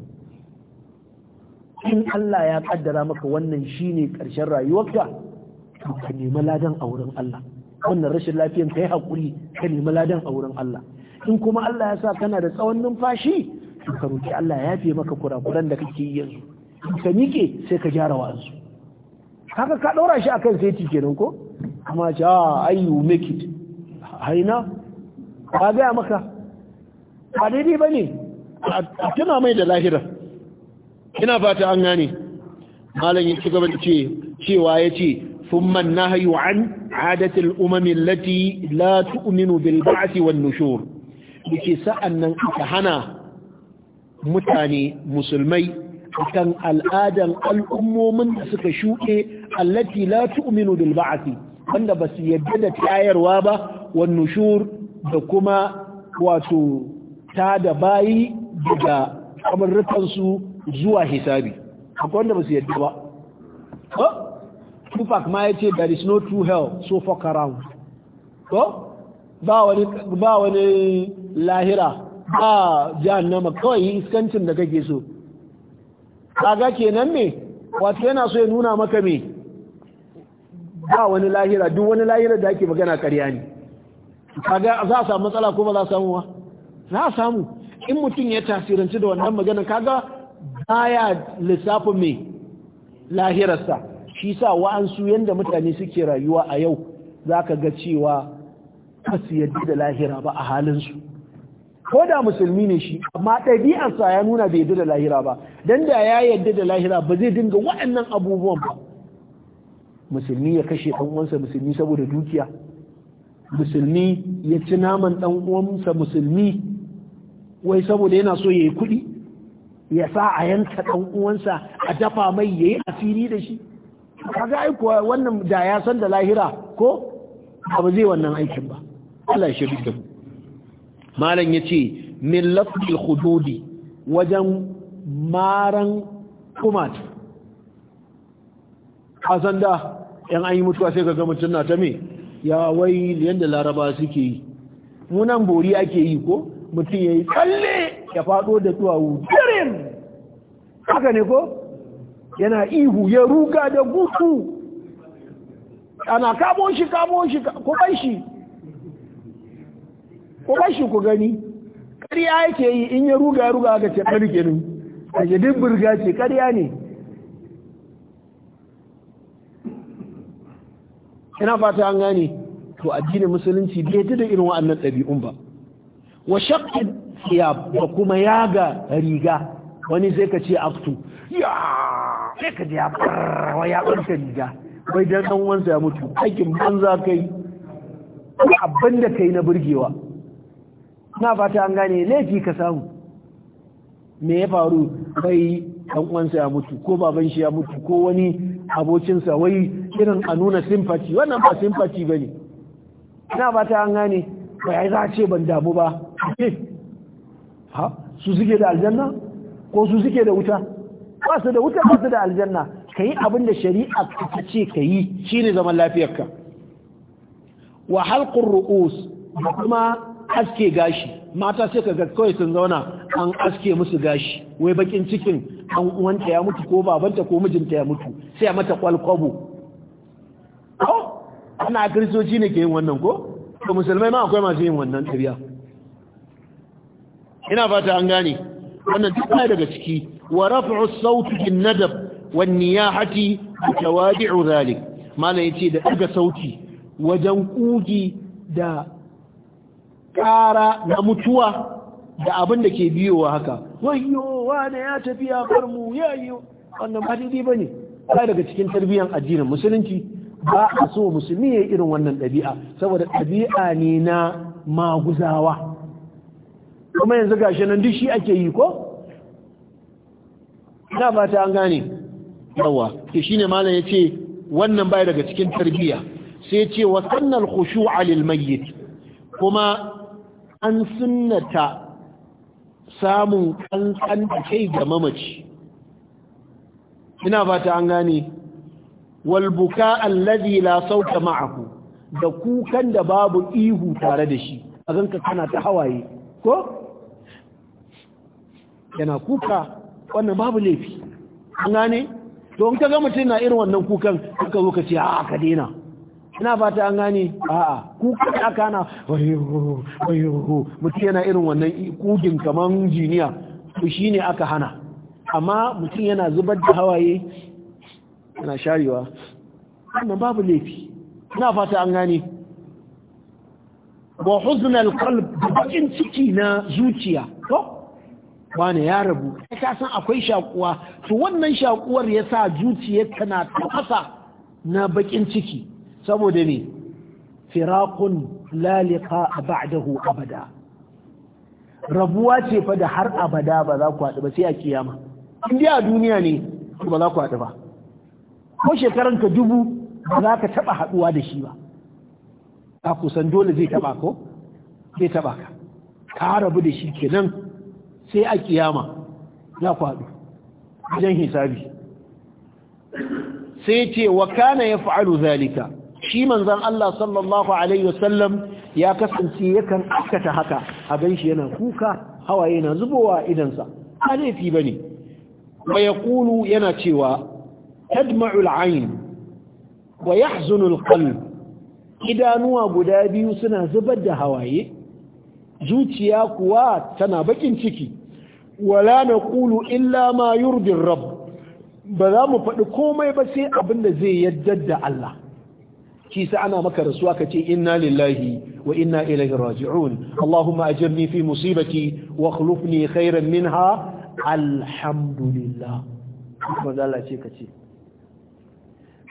in Allah ya kaddara maka wannan shi ne ƙarshen rayuwarka to ka nemi ladan a wurin Allah wannan rashin lafiyan ka yi haƙuri ka nemi ladan a wurin Allah in kuma Allah ya sa kana da tsawon numfashi to ka roki Allah ya yafe maka kurakuran da kake yi yanzu ka miƙe sai ka gyara wa'azu haka ka ɗora shi akan seti kenan ko amma ce a ah, ai you make it haina ba gaya maka ba daidai ba ne a tuna mai da lahira ina fata an gane malam ya ci gaba da cewa ya ce ثم النهي عن عادة الأمم التي لا تؤمن بالبعث والنشور لكي سألنا أتحنا متاني مسلمي كان الآدم الأمومن سكشوئي التي لا تؤمن بالبعث wanda ba su yadda da tayarwa ba wannan shur da kuma wato ta da bayi daga kamarrukansu zuwa hisabi akwai wanda ba su yadda ba tupac ma ya ce there is no true hell so fuck around to ba wani ba wani lahira ba jahannama kawai iskancin da kake so kaga kenan me wato yana so ya nuna maka me ba wani lahira duk wani lahira da ake magana karya ne kaga za a samu matsala ko ba za a samu ba za a samu in mutum ya tasirance da wannan magana kaga baya lissafin me lahirarsa shi sa wa'ansu yadda mutane suke rayuwa a yau za ka ga cewa kasu su yadda da lahira ba a halinsu ko da musulmi ne shi amma ɗabi'arsa ya nuna bai yadda da lahira ba don da ya yadda da lahira ba zai dinga waɗannan abubuwan ba musulmi ya kashe ɗan uwansa musulmi saboda dukiya musulmi ya ci naman ɗan musulmi wai saboda yana so ya yi kuɗi ya sa a yanka ɗan uwansa a dafa mai ya yi asiri da shi kaga ai kuwa wannan da ya san da lahira ko abu zai wannan aikin ba Allah shi duk malan yace min lafdil hududi wajen maran kumat azanda da yan an yi mutuwa sai ga mutum na ta me ya wai yanda laraba suke yi munan bori ake yi ko mutum yayi tsalle ya fado da duwawu wurin haka ne ko yana ihu ya ruga da gutu ana kamo shi kamo shi ku bar shi ku bar shi ku gani ƙarya yake yi in ya ruga ruga ga ce ɓarke ne a jadin burga ce ƙarya ne ina fata an gane to addinin musulunci bai da irin wa'annan ɗabi'un ba wa shaqqi siyab da kuma yaga riga wani zai ka ce aftu ya sai ka ji ya barwa ya ɓarka riga bai dan ɗan wansa ya mutu aikin banza kai abin da kai na burgewa na fata an gane laifi ka samu me ya faru bai ɗan uwansa ya mutu ko baban shi ya mutu ko wani abokinsa wai irin a nuna simfati? wannan ba ba ne. na fata an gane ba ya za a ce ban damu ba *laughs* ha su suke da aljanna ko su suke da wuta ba su da wuta ba su da aljanna ka yi abin da shari'a ta ce ka yi shi ne zaman lafiyarka wa halkun ru'us da kuma aske gashi mata sai ka ga kawai sun zauna an aske musu gashi wai bakin cikin an uwanta ya mutu ko babanta ko mijinta ya mutu sai mata kwalkwabo ko ana kristoci ne ke yin wannan ko to musulmai ma akwai masu yin wannan tabiya ina fata an gane wannan duk daga ciki ورفع الصوت بالندب والنياحة متوادع ذلك ما لا يتي دا أجا صوتي وجنقوجي دا كارا نمتوى da أبن ke biyowa haka. ويو وانا ya tafiya قرمو يا يو wannan ba ba ne ba daga cikin tarbiyyar addinin musulunci ba a so musulmi ya irin wannan ɗabi'a saboda ɗabi'a ne na maguzawa kuma yanzu gashi nan duk shi ake yi ko ina ta an gane yawa shi ne malam ce wannan bai daga cikin tarbiyya? sai ce wa sannan khushu'a alil mayyit kuma an sunnata samun kankan kai ga mamaci ina fata an gane wal buka alladhi la sauta ma'ahu da kukan da babu ihu tare da shi a ganka kana ta hawaye ko yana kuka wannan babu laifi an gane don ka ga mutum na irin wannan kukan suka zo ka ce a ka daina ina fata an gane a'a kukan da aka na wayo mutum yana irin wannan kugin kamar jiniya to shi ne aka hana amma mutum yana zubar da hawaye yana sharewa wannan babu laifi ina fata an gane wa huznal qalb bakin ciki na zuciya to wane ya rabu ka san akwai shakuwa to wannan shakuwar ya sa zuciya tana tafasa na bakin ciki saboda ne firakun laliqa a ba'dahu abada rabuwa ce fa da har abada ba za ku haɗu ba sai a kiyama in a duniya ne ba za ku haɗu ba ko ka dubu ba za ka taɓa haɗuwa da shi ba ka kusan dole zai taɓa ko zai taɓa ka ka rabu da shi kenan sai a kiyama ya faɗo wajen hisabi sai ce wa kana ya fa'alu zalika shi manzan Allah sallallahu Alaihi wasallam ya kasance yakan aikata haka a gan shi yana kuka hawaye na zubowa idansa ba laifi ba ne ba ya kulu yana cewa tadma'ul ayn wa yahzunul qalb idanuwa guda biyu suna zubar da hawaye zuciya kuwa tana bakin ciki wala na ƙulu illa ma yurbin rabb ba za mu faɗi komai ba sai abin da zai yadda da Allah Kisa sa ana maka rasuwa ka ce inna lillahi wa inna ilaihi raji'un Allahumma ajirni fi musibati wa khulufni khairan minha alhamdulillah manzo Allah ce ka ce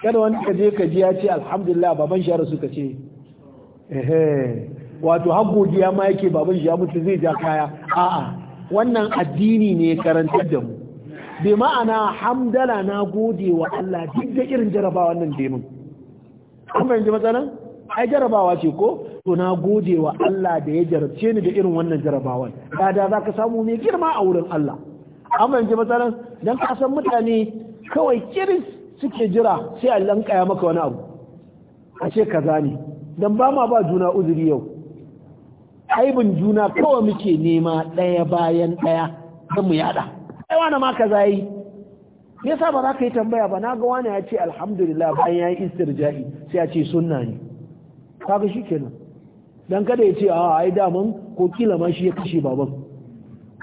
kada wani ka je ka ji ya ce alhamdulillah baban shi rasu ka ce ehe wato har godiya ma yake baban shi ya mutu zai ja kaya a'a wannan addini ne ya karantar da mu bi ma'ana hamdala na gode wa Allah duk da irin jarabawa nan da mun an fahimci matsala ai jarabawa ce ko to na gode wa Allah da ya jarabce ni da irin wannan jarabawan da da zaka samu mai girma a wurin Allah an fahimci matsala dan ka san mutane kawai kiris suke jira sai Allah ya maka wani abu a ce kaza ne dan ba ma ba juna uzuri yau aibin juna kawai muke nema ɗaya bayan ɗaya don mu yada ai wani ma kaza yi me yasa ba za ka yi tambaya ba na ga wani ya ce alhamdulillah bayan ya yi istirjahi sai ya ce sunna ne kaga shi kenan dan kada ya ce a ai daman ko kila ma shi ya kashe baban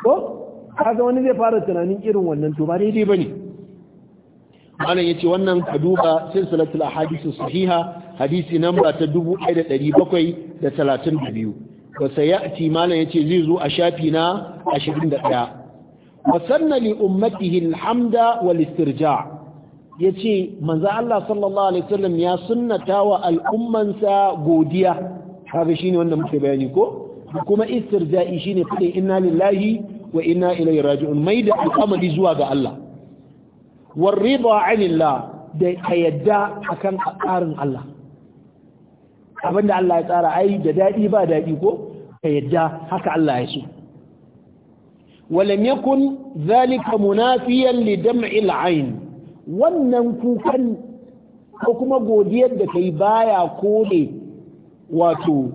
ko kaga wani zai fara tunanin irin wannan to ba daidai bane malam ya ce wannan ka duba silsilatul ahadith sahiha hadisi namba ta 1732 wa sayati ya ce zai zo a shafi na 21 wa sanna li ummatihi alhamda wal istirja yace manzo Allah sallallahu alaihi sallam ya sunnata wa al'ummansa godiya kaga shine wanda muke bayani ko kuma istirja'i shine fadin inna lillahi wa inna ilaihi raji'un mai da al'amari zuwa ga Allah war rida anillah da yadda akan tsarin Allah abinda Allah ya tsara ai da daɗi ba daɗi ko ka yadda haka Allah ya so walam yakun zalika munafiyan li dam'il ayn wannan kukan ko kuma godiyar da kai baya kone wato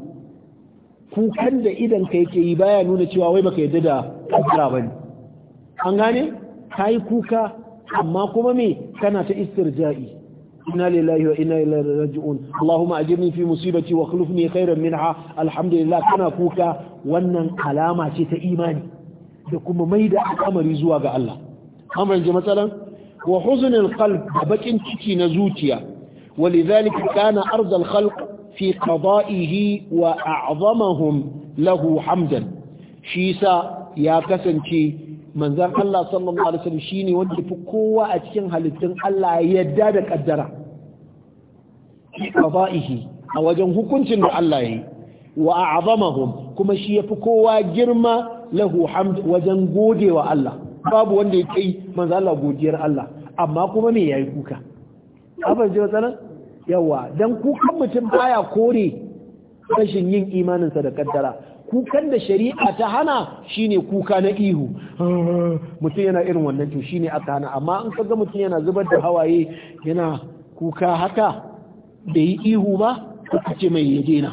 kukan da idan kai ke yi baya nuna cewa wai baka yadda da kaddara bane an gane kai kuka amma kuma me kana ta istirja'i إنا لله وإنا إليه راجعون اللهم أجرني في مصيبتي واخلفني خيرا منها الحمد لله كنا كوكا wannan alama ce ta imani da kuma mai da al'amari zuwa ga Allah an fahimci matsalan wa huznul qalb da bakin ciki na zuciya walidhalika kana ardal khalq fi qada'ihi wa a'zamahum lahu hamdan shi sa ya kasance manzan Allah sallallahu alaihi wasallam shine wanda fi kowa a cikin halittun Allah ya yadda da kaddara qada'ihi a wajen hukuncin da Allah yi wa a'zamahum kuma shi yafi kowa girma lahu hamd wajen wa Allah babu wanda ya kai manzan Allah godiyar Allah amma kuma me yayi kuka abin ji matsalan yawa dan kukan mutum baya kore rashin yin imaninsa da kaddara kukan da shari'a ta hana shine kuka na ihu ah, mutum yana irin wannan to shine aka hana amma in kaga mutum yana zubar da hawaye yana kuka haka da yi ihu ba ka ce mai yaje na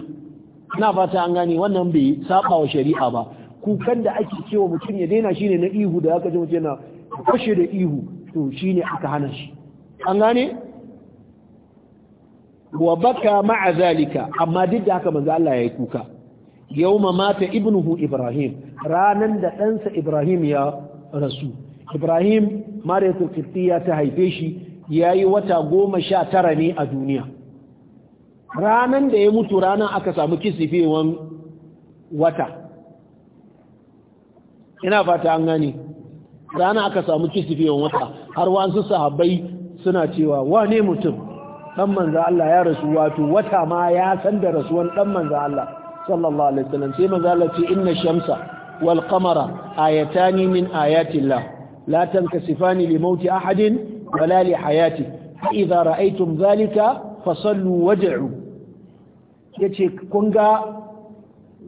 ina fata an gane wannan bai saba wa shari'a ba kukan da ake cewa mutum ya daina shine na ihu da aka ji mutum yana kashe da ihu to shine aka hana shi an gane wa baka ma'a zalika amma duk da haka manzo Allah ya yi kuka yawma mata ibnuhu ibrahim ranan da ɗansa ibrahim ya rasu ibrahim mariyatul qibtiyya ta haife shi yayi wata goma sha tara ne a duniya ranan da ya mutu ranan aka samu kisifewan wata ina fata an gani. rana aka samu kisifewan wata har wasu sahabbai suna cewa wane mutum dan manza Allah ya rasu wato wata ma ya san da rasuwan dan manza Allah sallallahu alaihi wasallam sai manzo Allah ce inna shamsa wal qamara ayatani min ayati Allah la tankasifani li mauti ahadin wala li hayati idza ra'aytum zalika fasallu wad'u yace kun ga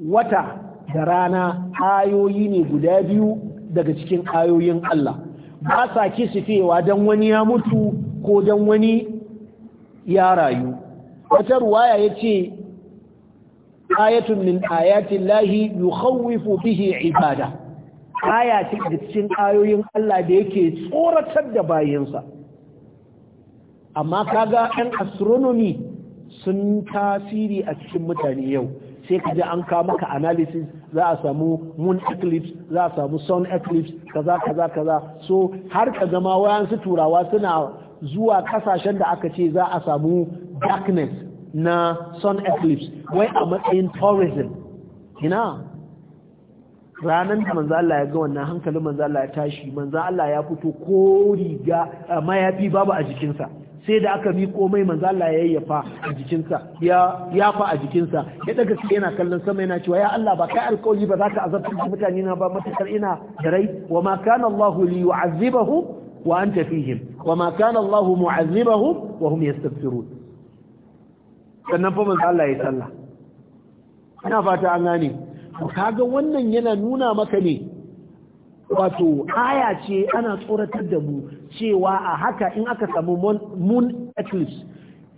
wata da rana ayoyi ne guda biyu daga cikin ayoyin Allah ba sa kisifewa dan wani ya mutu ko dan wani ya rayu wata ruwaya yace ayatun min ayati llahi yukhawifu bihi ibada aya ce da cikin ayoyin Allah da yake tsoratar da bayinsa amma kaga 'yan astronomy sun tasiri a cikin mutane yau sai kaje an ka maka analysis za a samu moon eclipse za a samu sun eclipse kaza kaza kaza so har ka zama wayansu turawa suna zuwa kasashen da aka ce za a samu darkness na sun eclipse wai a matsayin tourism ina ranar da manzo Allah ya ga wannan hankalin manzo Allah ya tashi manza Allah ya fito ko riga mayafi babu a jikinsa sai da aka miko mai manzo Allah ya yayyafa a jikinsa ya yafa a jikinsa ya daga yana kallon sama yana cewa ya Allah ba kai alƙawari ba za ka azabta mutane na ba matakar ina da rai wa ma kana Allah li yu'azzibahu wa anta fihim wa ma kana Allah mu'azzibahum wa hum yastaghfirun sannan fa manzo Allah ya sallah ina fata an gane kaga wannan yana nuna maka ne wato aya ce ana tsoratar da mu cewa a haka in aka samu moon least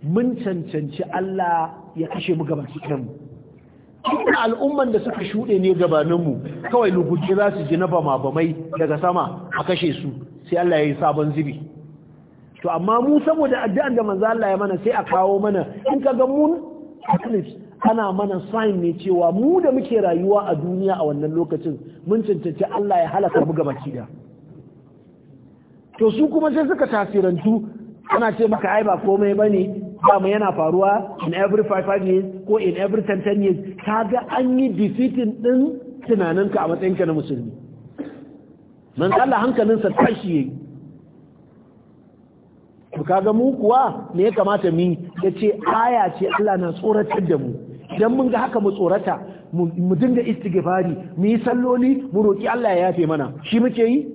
mun cancanci Allah ya kashe mu gaba cikin al'umman da suka shuɗe ne mu kawai luguje za su ji na bama bamai daga sama a kashe su sai Allah ya yi sabon zibi to amma mu saboda addu'an da manzo Allah ya mana sai a kawo mana in ka kaga mun eclipse ana mana sign ne cewa mu da muke rayuwa a duniya a wannan lokacin mun cancanci Allah ya halaka mu gaba da. to su kuma sai suka tasirantu ana ce maka ai ba komai bane mu yana faruwa in every 5 years ko in every 10 years kaga an yi defeating din tunaninka a matsayinka na musulmi man Allah hankalinsa tashi yayi to kaga mu kuwa me ya kamata mu yace aya ce Allah na tsoratar da mu idan mun ga haka mu tsorata mu dinga istighfari mu yi salloli mu roki Allah ya yafe mana shi muke yi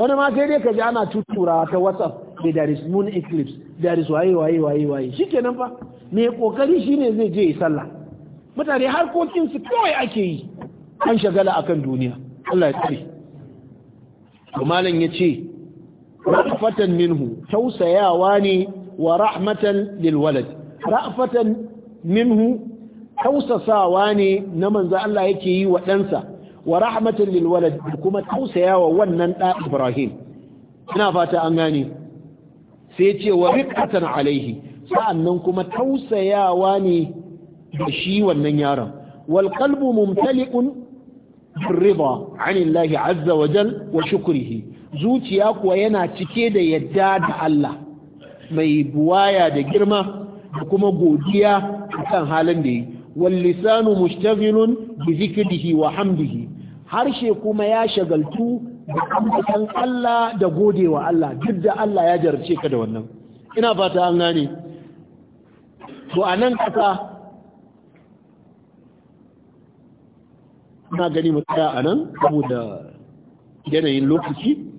wani ma sai dai ka ji ana tutura ta WhatsApp da there is moon eclipse there is waye waye waye waye shikenan fa me kokari shine zai je yi sallah mutane harkokin su kawai ake yi an shagala akan duniya Allah ya tsare to malam yace Ra'afatan minhu tausayawa ne wa rahmatan lil walad ra'fatan minhu tausasawa ne na manzo Allah yake yi wa ɗansa wa rahmatan lil walad kuma tausayawa wannan da Ibrahim ina fata an gane sai ce wa riqatan alaihi sa'annan kuma tausayawa ne da shi wannan yaron wal qalbu mumtali'un بالرضا anillahi الله عز wa وشكره zuciya kuwa yana cike da yadda da Allah mai buwaya da girma da kuma godiya kan halin da yi wallisanu mushtaghilun bi zikrihi wa hamdihi harshe kuma ya shagaltu da ambatan Allah da godewa Allah duk da Allah ya jarce ka da wannan ina fata an gane to anan kasa ina gani mu tsaya nan saboda yanayin lokaci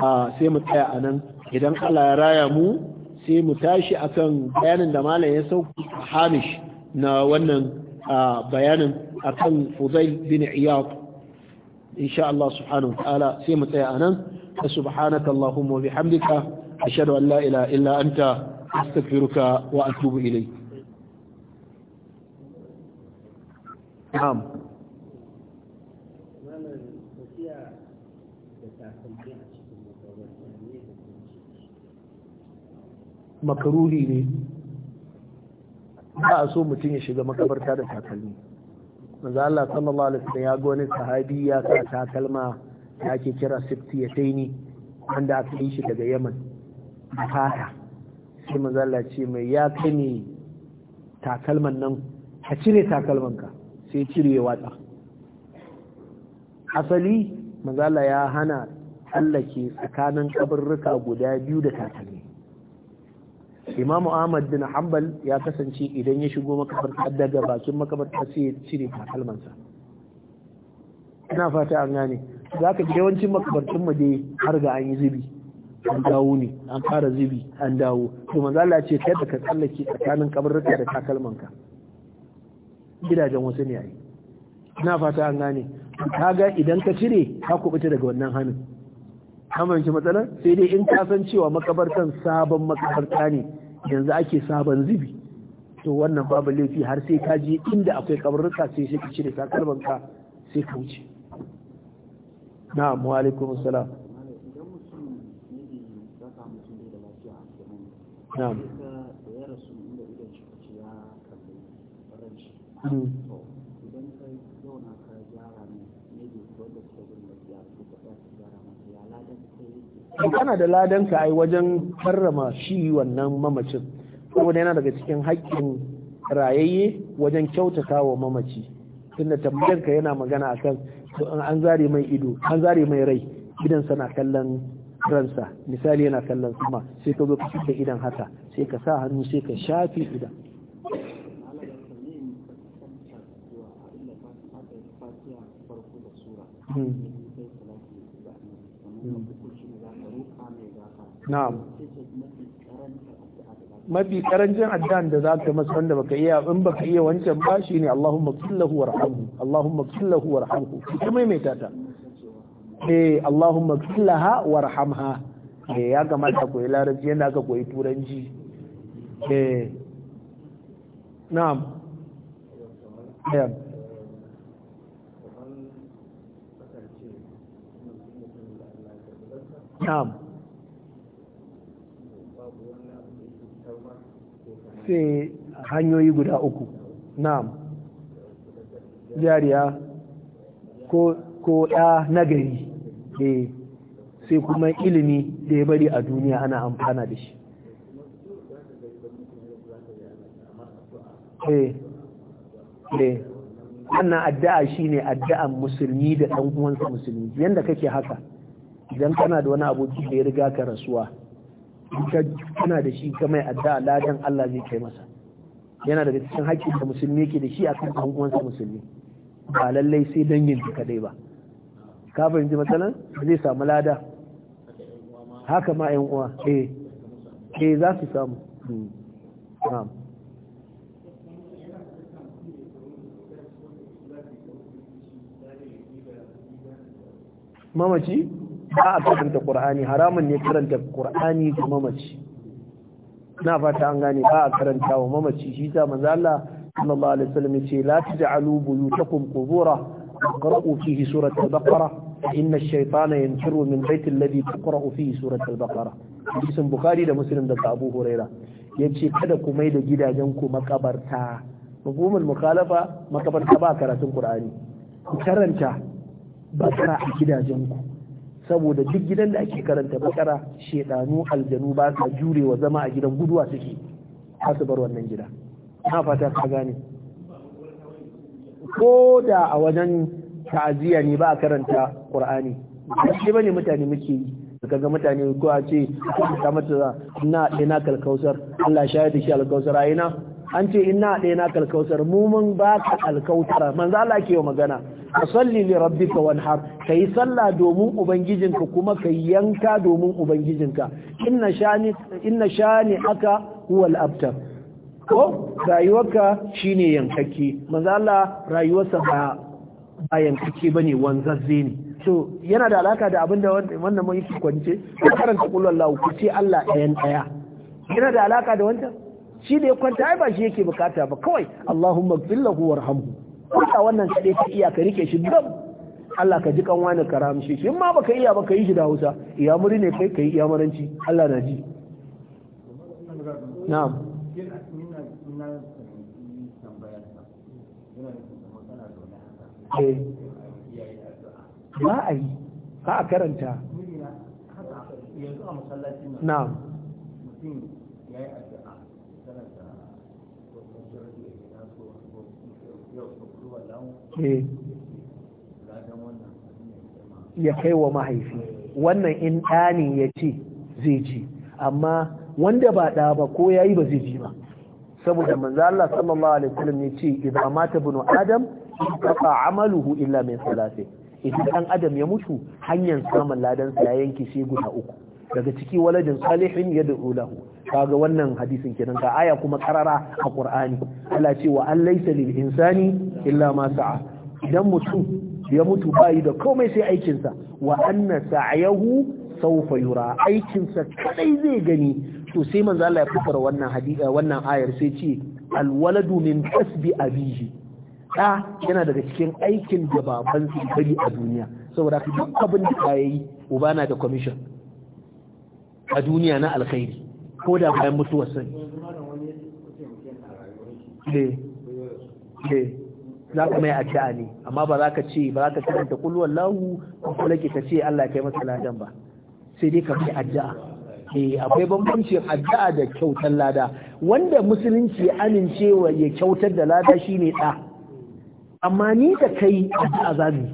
sai mu tsaya a nan idan Allah ya raya mu sai mu tashi akan bayanin da malam ya sauki a hamish na wannan bayanin akan fuzail bin iyad insha Allah subhanahu wa ta'ala sai mu tsaya a nan subhanaka allahumma wa bihamdika ashhadu an la ilaha illa anta astaghfiruka wa atubu ilayk na'am makaruri ne ba a so mutum ya shiga makabarta da takalmi manzo Allah sallallahu alaihi wasallam ya ga wani sahabi ya sa takalma ya ke kira sifti ya taini wanda aka yi shi daga Yaman fata sai manzo Allah ce mai ya kai ne takalman nan ka cire takalman ka sai cire ya watsa asali manzo Allah ya hana tsallake tsakanin kaburruka guda biyu da takalmi imamu ahmad bin hanbal ya kasance idan ya shigo makabarta daga bakin makabarta sai ya cire takalmansa ina fata an gane za ka yawancin makabartun mu dai har ga an yi zubi an dawo ne an fara zubi an dawo to manzo Allah ce kai da ka tsallake tsakanin kabarruka da takalmanka gidajen wasu ne ai ina fata an gane kaga idan ka cire ka kubuta daga wannan hannun kamar shi matsalar sai dai in ka san cewa makabartan sabon makabarta ne yanzu ake sabon zubi to wannan babu laifi har sai ka je inda akwai kabarruka sai sai ka cire ka sai ka wuce na'am wa alaikum salam na'am kana da ladan ka ai wajen karrama shi wannan mamacin saboda yana daga cikin haƙƙin rayayye wajen kyautata wa mamaci tunda tambayarka yana magana akan an zare mai ido an zare mai rai idan sana kallon ransa misali yana kallon sama sai ka zo ka fita idan haka sai ka sa hannu sai ka shafi idan Hmm. na'am mafi karancin addan da za ka masa wanda baka iya in baka iya wancan ba shi ne Allahumma kullahu warhamhu Allahumma kullahu warhamhu ita maimaita ta eh Allahumma kullaha warhamha eh ya kamata koyi larabci yana aka koyi turanci eh na'am eh na'am sai hanyoyi guda uku na'am jariya ko ya ɗa nagari da eh, sai kuma ilimi da ya bari a duniya ana amfana da shi eh, eh. wannan addu'a shine addu'an musulmi da ɗan uwansa musulmi yanda kake haka idan kana da wani abokin da ya riga ka rasuwa kana da shi ka mai addu'a ladan Allah zai kai masa yana da cikin haƙƙin da musulmi yake da shi a kan ɗan uwansa musulmi ba lallai sai dangin ka kadai ba ka fahimci matsalan zai samu lada haka ma yan uwa eh eh za su samu hmm. na'am mamaci ba a karanta qur'ani haramun ne karanta qur'ani ga mamaci na fata an gane ba a karanta wa mamaci shi ta manzo Allah sallallahu alaihi wasallam yace la taj'alu buyutakum qubura qara'u fihi surat al-baqara inna ash-shaytana yanfiru min baiti alladhi taqra'u fihi surat al-baqara hadisin bukhari da muslim daga abu huraira yace kada ku mai da gidajen ku makabarta hukumar mukhalafa makabarta ba karatun qur'ani ku karanta bakara a gidajen ku saboda duk gidan da ake karanta bakara shedanu aljanu ba sa jurewa zama a gidan guduwa suke har su bar wannan gida na fata ka gane ko da a wajen ta'aziyya ne ba a karanta qur'ani shi bane mutane muke yi ga mutane ko a ce ka mata ina ina kalkausar Allah shayar da shi alkausar ayina an ce ina ina kalkausar mu mun ba ka alkausar manzo Allah ke magana fasalli li rabbika wanhar kai salla domin ubangijinka kuma kai yanka domin ubangijinka inna shani inna shani aka huwal abtar ko rayuwarka shine yankake manzo Allah rayuwarsa ba ba yankake bane wanzazze ne to yana da alaka da abinda wannan mun yi kwance karanta kullu Allah ku ce Allah ɗayan ɗaya yana da alaka da wanda shi da ya kwanta ai ba shi yake bukata ba kawai Allahumma gfir lahu warhamhu wata wannan kaɗai ka iya ka rike shi gab Allah ka ji kan wani karam shi in ma baka iya baka yi shi da Hausa iyamuri ne kai kai maranci Allah na ji na'am ba eh. a yi ba a karanta na'am Eh. ya kai wa mahaifi wannan in ɗani ya ce zai ji, amma wanda ba ɗa ba ko ya yi ba zai ji ba saboda manzo Allah sallallahu alaihi wasallam ya ce idan mata bunu adam kafa amaluhu illa min salati idan ɗan adam ya mutu hanyar samun ladan sa ya yanke shi guda uku daga ciki waladin salihin da'u lahu kaga wannan hadisin kenan ga aya kuma karara a Qur'ani Allah ce wa an laysa lil insani illa ma sa'a idan mutum ya mutu bai da komai sai aikin sa wa anna sa'yahu sawfa yura aikin sa kadai zai gani to sai manzo Allah ya fara wannan hadisi wannan ayar sai ce al waladu min kasbi abihi da yana daga cikin aikin da baban bari a duniya saboda duk abin da yayi uba na da commission a duniya na alkhairi ko da bayan mutuwar sai eh, eh, za ka mai addu'a ne amma ba za ka ce ba za ka karanta kul lahu ko kulaki ka ce Allah kai masa ladan ba sai dai ka fi addu'a eh akwai bambancin addu'a da kyautar lada wanda musulunci amincewa ya kyautar da lada shine da amma ni da kai addu'a zamu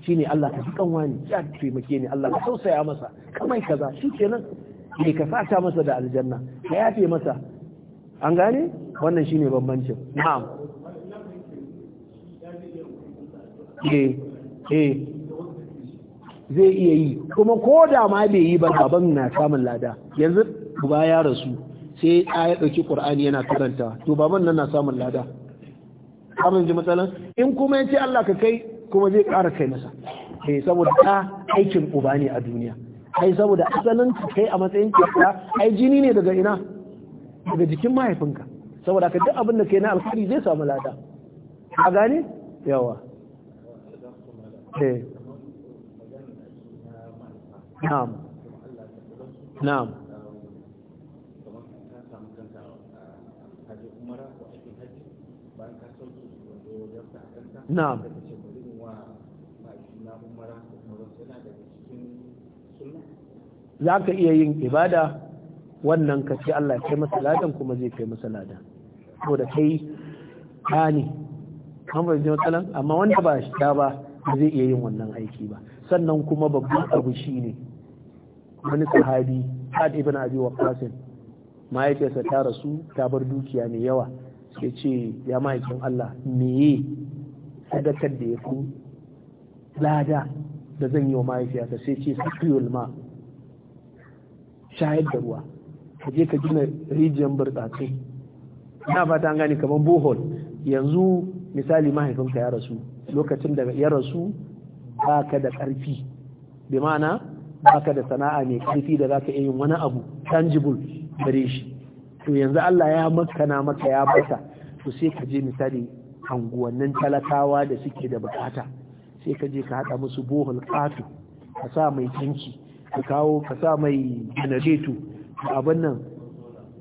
shine Allah ka fi kanwa ni ya taimake ni Allah ka tausaya masa kamar kaza shikenan me ka sata masa da aljanna ka yafe masa an gane wannan shine bambancin na'am eh eh zai iya yi kuma ko da ma bai yi ba baban na samun lada yanzu uba ya rasu sai a ya ɗauki ƙur'ani yana karanta to baban nan na samun lada kamar ji matsalan in kuma ya ce Allah ka kai kuma zai ƙara kai masa eh saboda ta aikin uba ne a duniya ai saboda asalin kai a matsayin kyauta ai jini ne daga ina daga jikin mahaifinka saboda ka duk abin da kai na alkhairi zai samu lada a gane yawa eh. na'am na'am na'am za ka iya yin ibada wannan ka ce Allah ya kai masa kuma zai kai masa ko da kai ta ne an bai matsalan amma wanda ba shi ta ba zai iya yin wannan aiki ba sannan kuma babban abu shi ne wani sahabi Sa'ad ibn Abi yake mahaifiyarsa ta rasu ta bar dukiya mai yawa sai ce ya mahaifin Allah meye sadakar da ya fi lada da zan yi wa mahaifiyarsa sai ce sakriyul ma shayar da ruwa ka je ka gina rijiyar burtsatsu na fata an gani kamar bohol yanzu misali mahaifinka ya rasu lokacin da ya rasu ba ka da ƙarfi bi ma'ana ba ka da sana'a mai ƙarfi da za ka iya yin wani abu tangible gare shi to yanzu Allah ya makana maka ya bata to sai ka je misali anguwannin talakawa da suke da bukata sai ka je ka haɗa musu bohol ƙato ka sa mai tanki ka kawo ka sa mai janareto da abin nan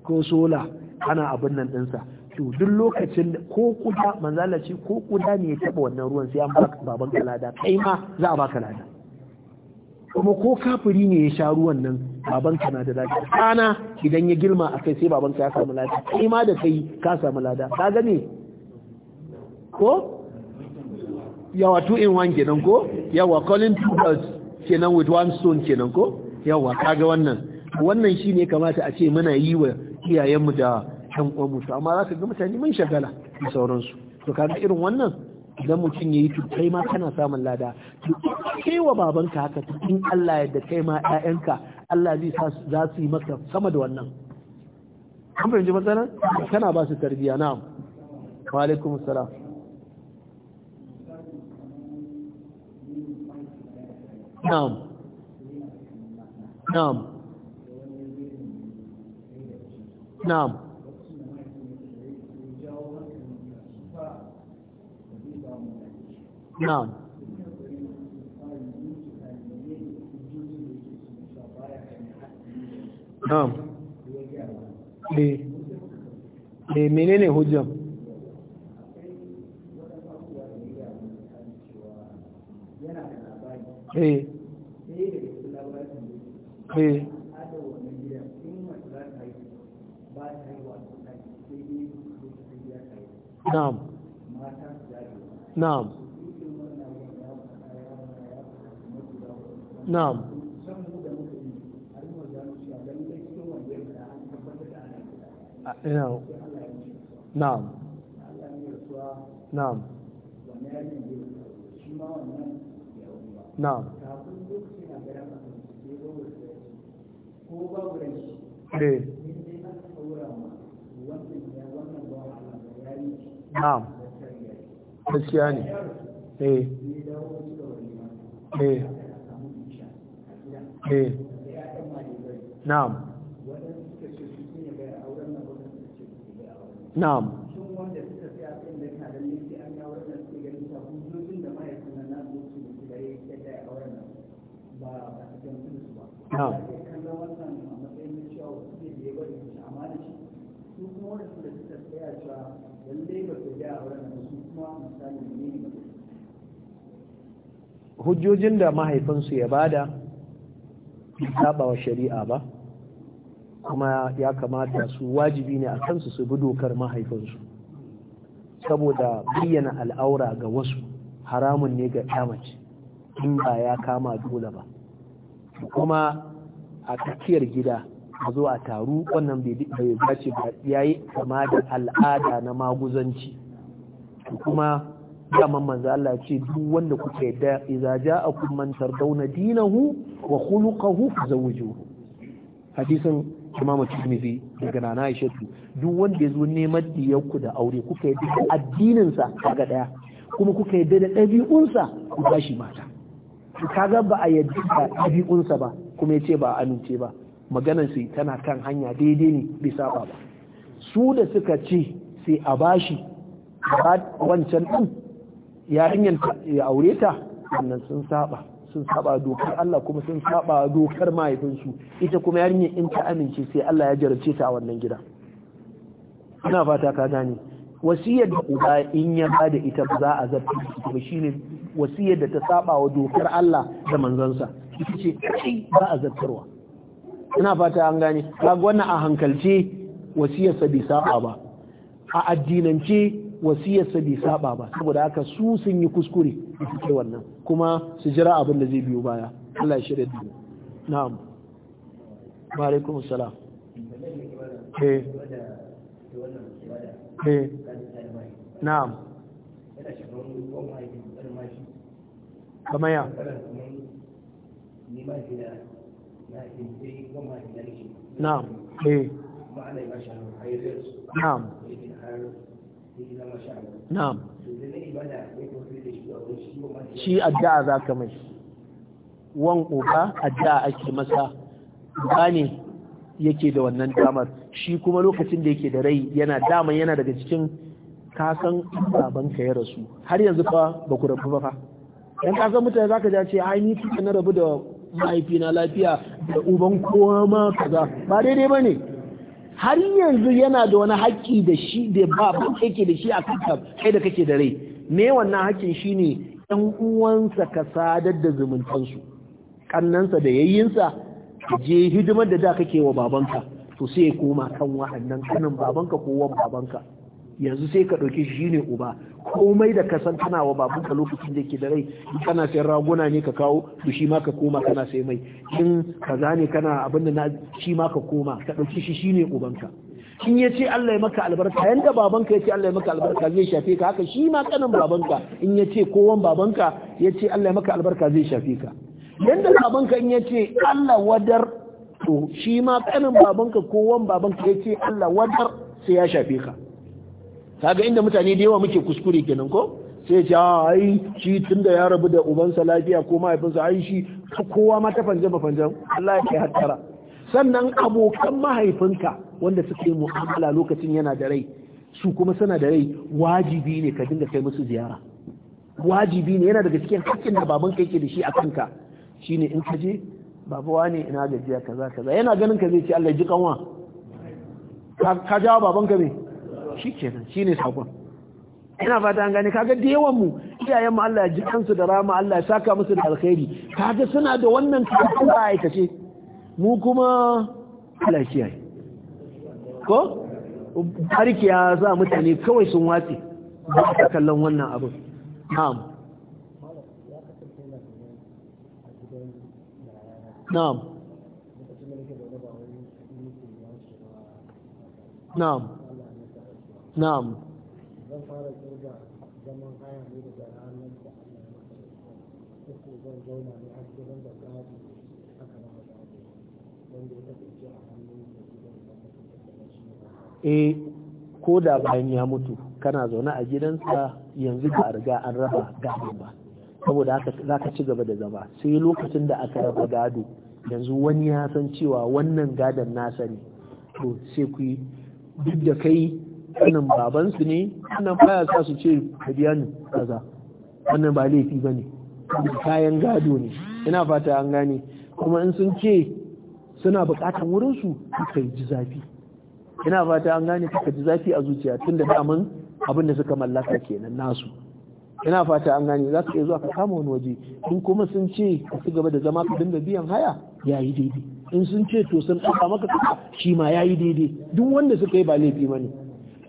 ko sola ana abin nan ɗinsa to duk lokacin ko kuda manzalaci ce ko kuda ne ya taba wannan ruwan sai an baka baban kalada lada kai ma za a baka lada kuma ko kafiri ne ya sha ruwan nan baban ka na da lada kana idan ya girma a kai sai baban ka ya samu lada kai ma da kai ka samu lada ka gane ko yawa two in one kenan ko yawa calling two birds kenan with one stone kenan ko yawa kaga wannan wannan shine kamata a ce muna yi wa iyayenmu da ɗan uwan su amma za ka ga mutane mun shagala da sauransu to kaga irin wannan idan mutum ya yi to kai ma kana samun lada to kai wa babanka haka in Allah yadda kai ma ƴaƴanka Allah zai sa za su yi maka sama da wannan an fahimci matsalar kana ba su tarbiyya na'am wa alaikum na'am na'am na'am na'am na'am eh eh menene hujjar eh na'am na'am na'am na'am na'am na'am ko eh. babu na'am gaskiya ne eh eh eh na'am na'am Na'am. Na'am. hujjojin da mahaifinsu ya bada saba wa shari'a ba kuma ya kamata su wajibi ne a kansu su bi dokar mahaifinsu saboda bayyana al'aura ga wasu haramun ne ga mace in ba ya kama dole ba kuma a tsakiyar gida a zo a taru wannan bai dace ba ya yi kama da al'ada na maguzanci kuma daman manzo Allah ce duk wanda kuka yadda idza ja'akum man tardawna dinahu wa khuluquhu fazawjuhu hadisin imamu Tirmidhi daga Nana Aisha duk wanda yazo neman diyarku da aure kuka yadda da addinin sa kaga daya kuma kuka yadda da ɗabi'un sa ku bashi mata kaga ba a yadda da ɗabi'un sa ba kuma yace ba a amince ba maganar sai tana kan hanya daidai ne bisa ba su da suka ce sai a bashi ba wancan din yarinyar ya aure ta wannan sun saba sun saba dokar Allah kuma sun saba dokar mahaifinsu ita kuma yarinyar in ta amince sai Allah ya jarabce ta a wannan gida ina fata ka gane wasiyar da uba in ya bada ita ba za a zarta ba shine wasiyar da ta saba wa dokar Allah da manzansa ita ce kai ba a zartarwa ina fata an gane kaga wannan a hankalce wasiyar sa bai saba ba a addinance wasiyarsa bai saba ba saboda haka su sun yi kuskure da cikin wannan kuma su jira abin da zai biyo baya Allah ya shirya da na'am wa alaikum assalam eh eh na'am kama ya na'am eh na'am na'am shi addu'a za ka mai wan uba addu'a ake masa ba ne yake da wannan damar shi kuma lokacin da yake da rai yana dama yana daga cikin kasan babanka ya rasu har yanzu fa ba ku rabu ba fa dan kasan mutane zaka ka ce ai ni tuka na rabu da mahaifina lafiya da uban kowa ma kaza ba daidai ba ne. har yanzu yana da wani haƙƙi da shi da ba yake da shi a kanka kai da kake da rai me wannan haƙƙin shine ɗan uwansa ka sadar da zumuntansu ƙannansa da yayyinsa je hidimar da da kake wa babanka to sai ya koma kan wahannan kanin babanka ko wan babanka yanzu sai ka ɗauki shi shine uba komai da kasan kana wa babanka lokacin da ke da rai kana sayan raguna ne ka kawo to shi ma ka koma kana sai mai in ka zane kana abin da na shi ma ka koma ka dauki shi shine ubanka in ya ce Allah ya maka albarka yanda babanka ya ce Allah ya maka albarka zai shafe ka haka shi ma kanin babanka in ya ce kowan babanka ya ce Allah ya maka albarka zai shafe ka yanda babanka in ya ce Allah wadar to shi ma kanin babanka kowan babanka ya ce Allah wadar sai ya shafe ka kaga inda mutane da yawa muke kuskure kenan ko sai ce ah, ai shi tunda ya rabu da ubansa lafiya ko mahaifinsa ai shi kowa ma ta fanje mafanjan Allah ya kai hattara sannan abokan mahaifinka wanda suka yi mu'amala lokacin yana da rai su kuma suna da rai wajibi ne ka dinga kai musu ziyara wajibi ne yana daga cikin hakkin da babanka yake da shi a kanka shine in ka je baba ne ina gajiya kaza kaza yana ganin ka zai ce Allah ji kanwa ka jawo babanka me shi kenan shi ne sakon ina fata an gani kaga da yawan mu iyayen mu Allah ya ji kansu da rama Allah ya saka musu da alkhairi kaga suna da wannan tafiya a aikace mu kuma Allah kiyaye ko barki ya sa mutane kawai sun wace. ba ta kallon wannan abu na'am na'am na'am na'am zan fara kirga zaman haya ko da bayan ya mutu kana zaune a gidansa yanzu ba a riga an raba gado ba saboda za ka ci gaba da zama sai lokacin da aka raba gado yanzu wani ya san cewa wannan gadon nasa ne to sai ku yi duk da kai baban babansu ne wannan baya sa su ce ka biya ni kaza wannan ba laifi ba ne kayan gado ne ina fata an gane kuma in sun ce suna bukatan wurinsu suka ji zafi ina fata an gane suka ji zafi a zuciya tunda da daman abin da suka mallaka kenan nasu ina fata an gane za ka iya zuwa ka kama wani waje in kuma sun ce ka ci gaba da zama ka dinga biyan haya ya yi daidai in sun ce to sun ɗauka maka kasa shi ma ya yi daidai duk wanda suka yi ba laifi ba ne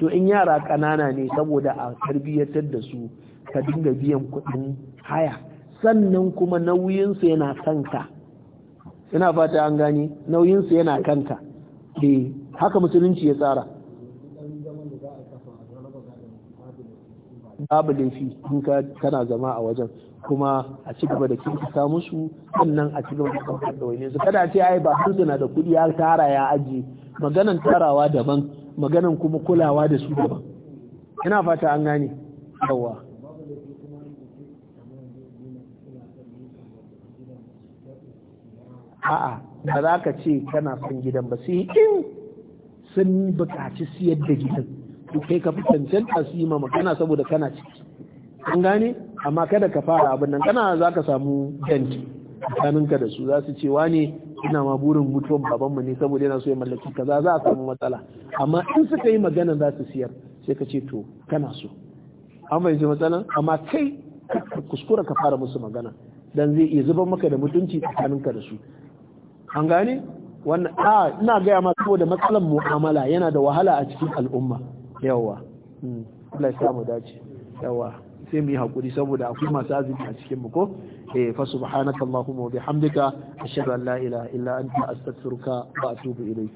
to in yara ƙanana ne saboda a tarbiyyatar da su ka dinga biyan kuɗin haya sannan kuma nauyinsu yana kanka ina fata an gane nauyinsu yana kanka eh haka musulunci ya tsara babu laifi in ka kana zama a wajen kuma a ci gaba da kirkita musu sannan a ci gaba da ɗaukar da wani su kada ce ai ba na da kuɗi ya tara ya aji maganan tarawa daban maganan kuma kulawa da su daban ina fata an gane yawa a'a ba za ka ce kana son gidan ba sai in sun buƙaci siyar da gidan to kai ka fi cancanta su yi ma magana saboda kana ciki an gane amma kada ka fara abin nan kana za ka samu dent tsakaninka da su za su ce wane ina ma burin mutuwar babanmu ne saboda yana so ya mallaki kaza za a samu matsala amma in suka yi magana za su siyar sai ka ce to kana so an yanzu matsala amma kai kuskura ka fara musu magana dan zai iya zubar maka da mutunci tsakaninka da su an gane wannan a ina gaya ma saboda matsalan mu'amala yana da wahala a cikin al'umma yawa hmm. Allah ya samu dace yawa sai mu yi hakuri saboda akwai masu azumi a cikin mu ko eh fa subhanakallahumma wa bihamdika ashhadu an la ilaha illa anta astaghfiruka wa atubu ilayk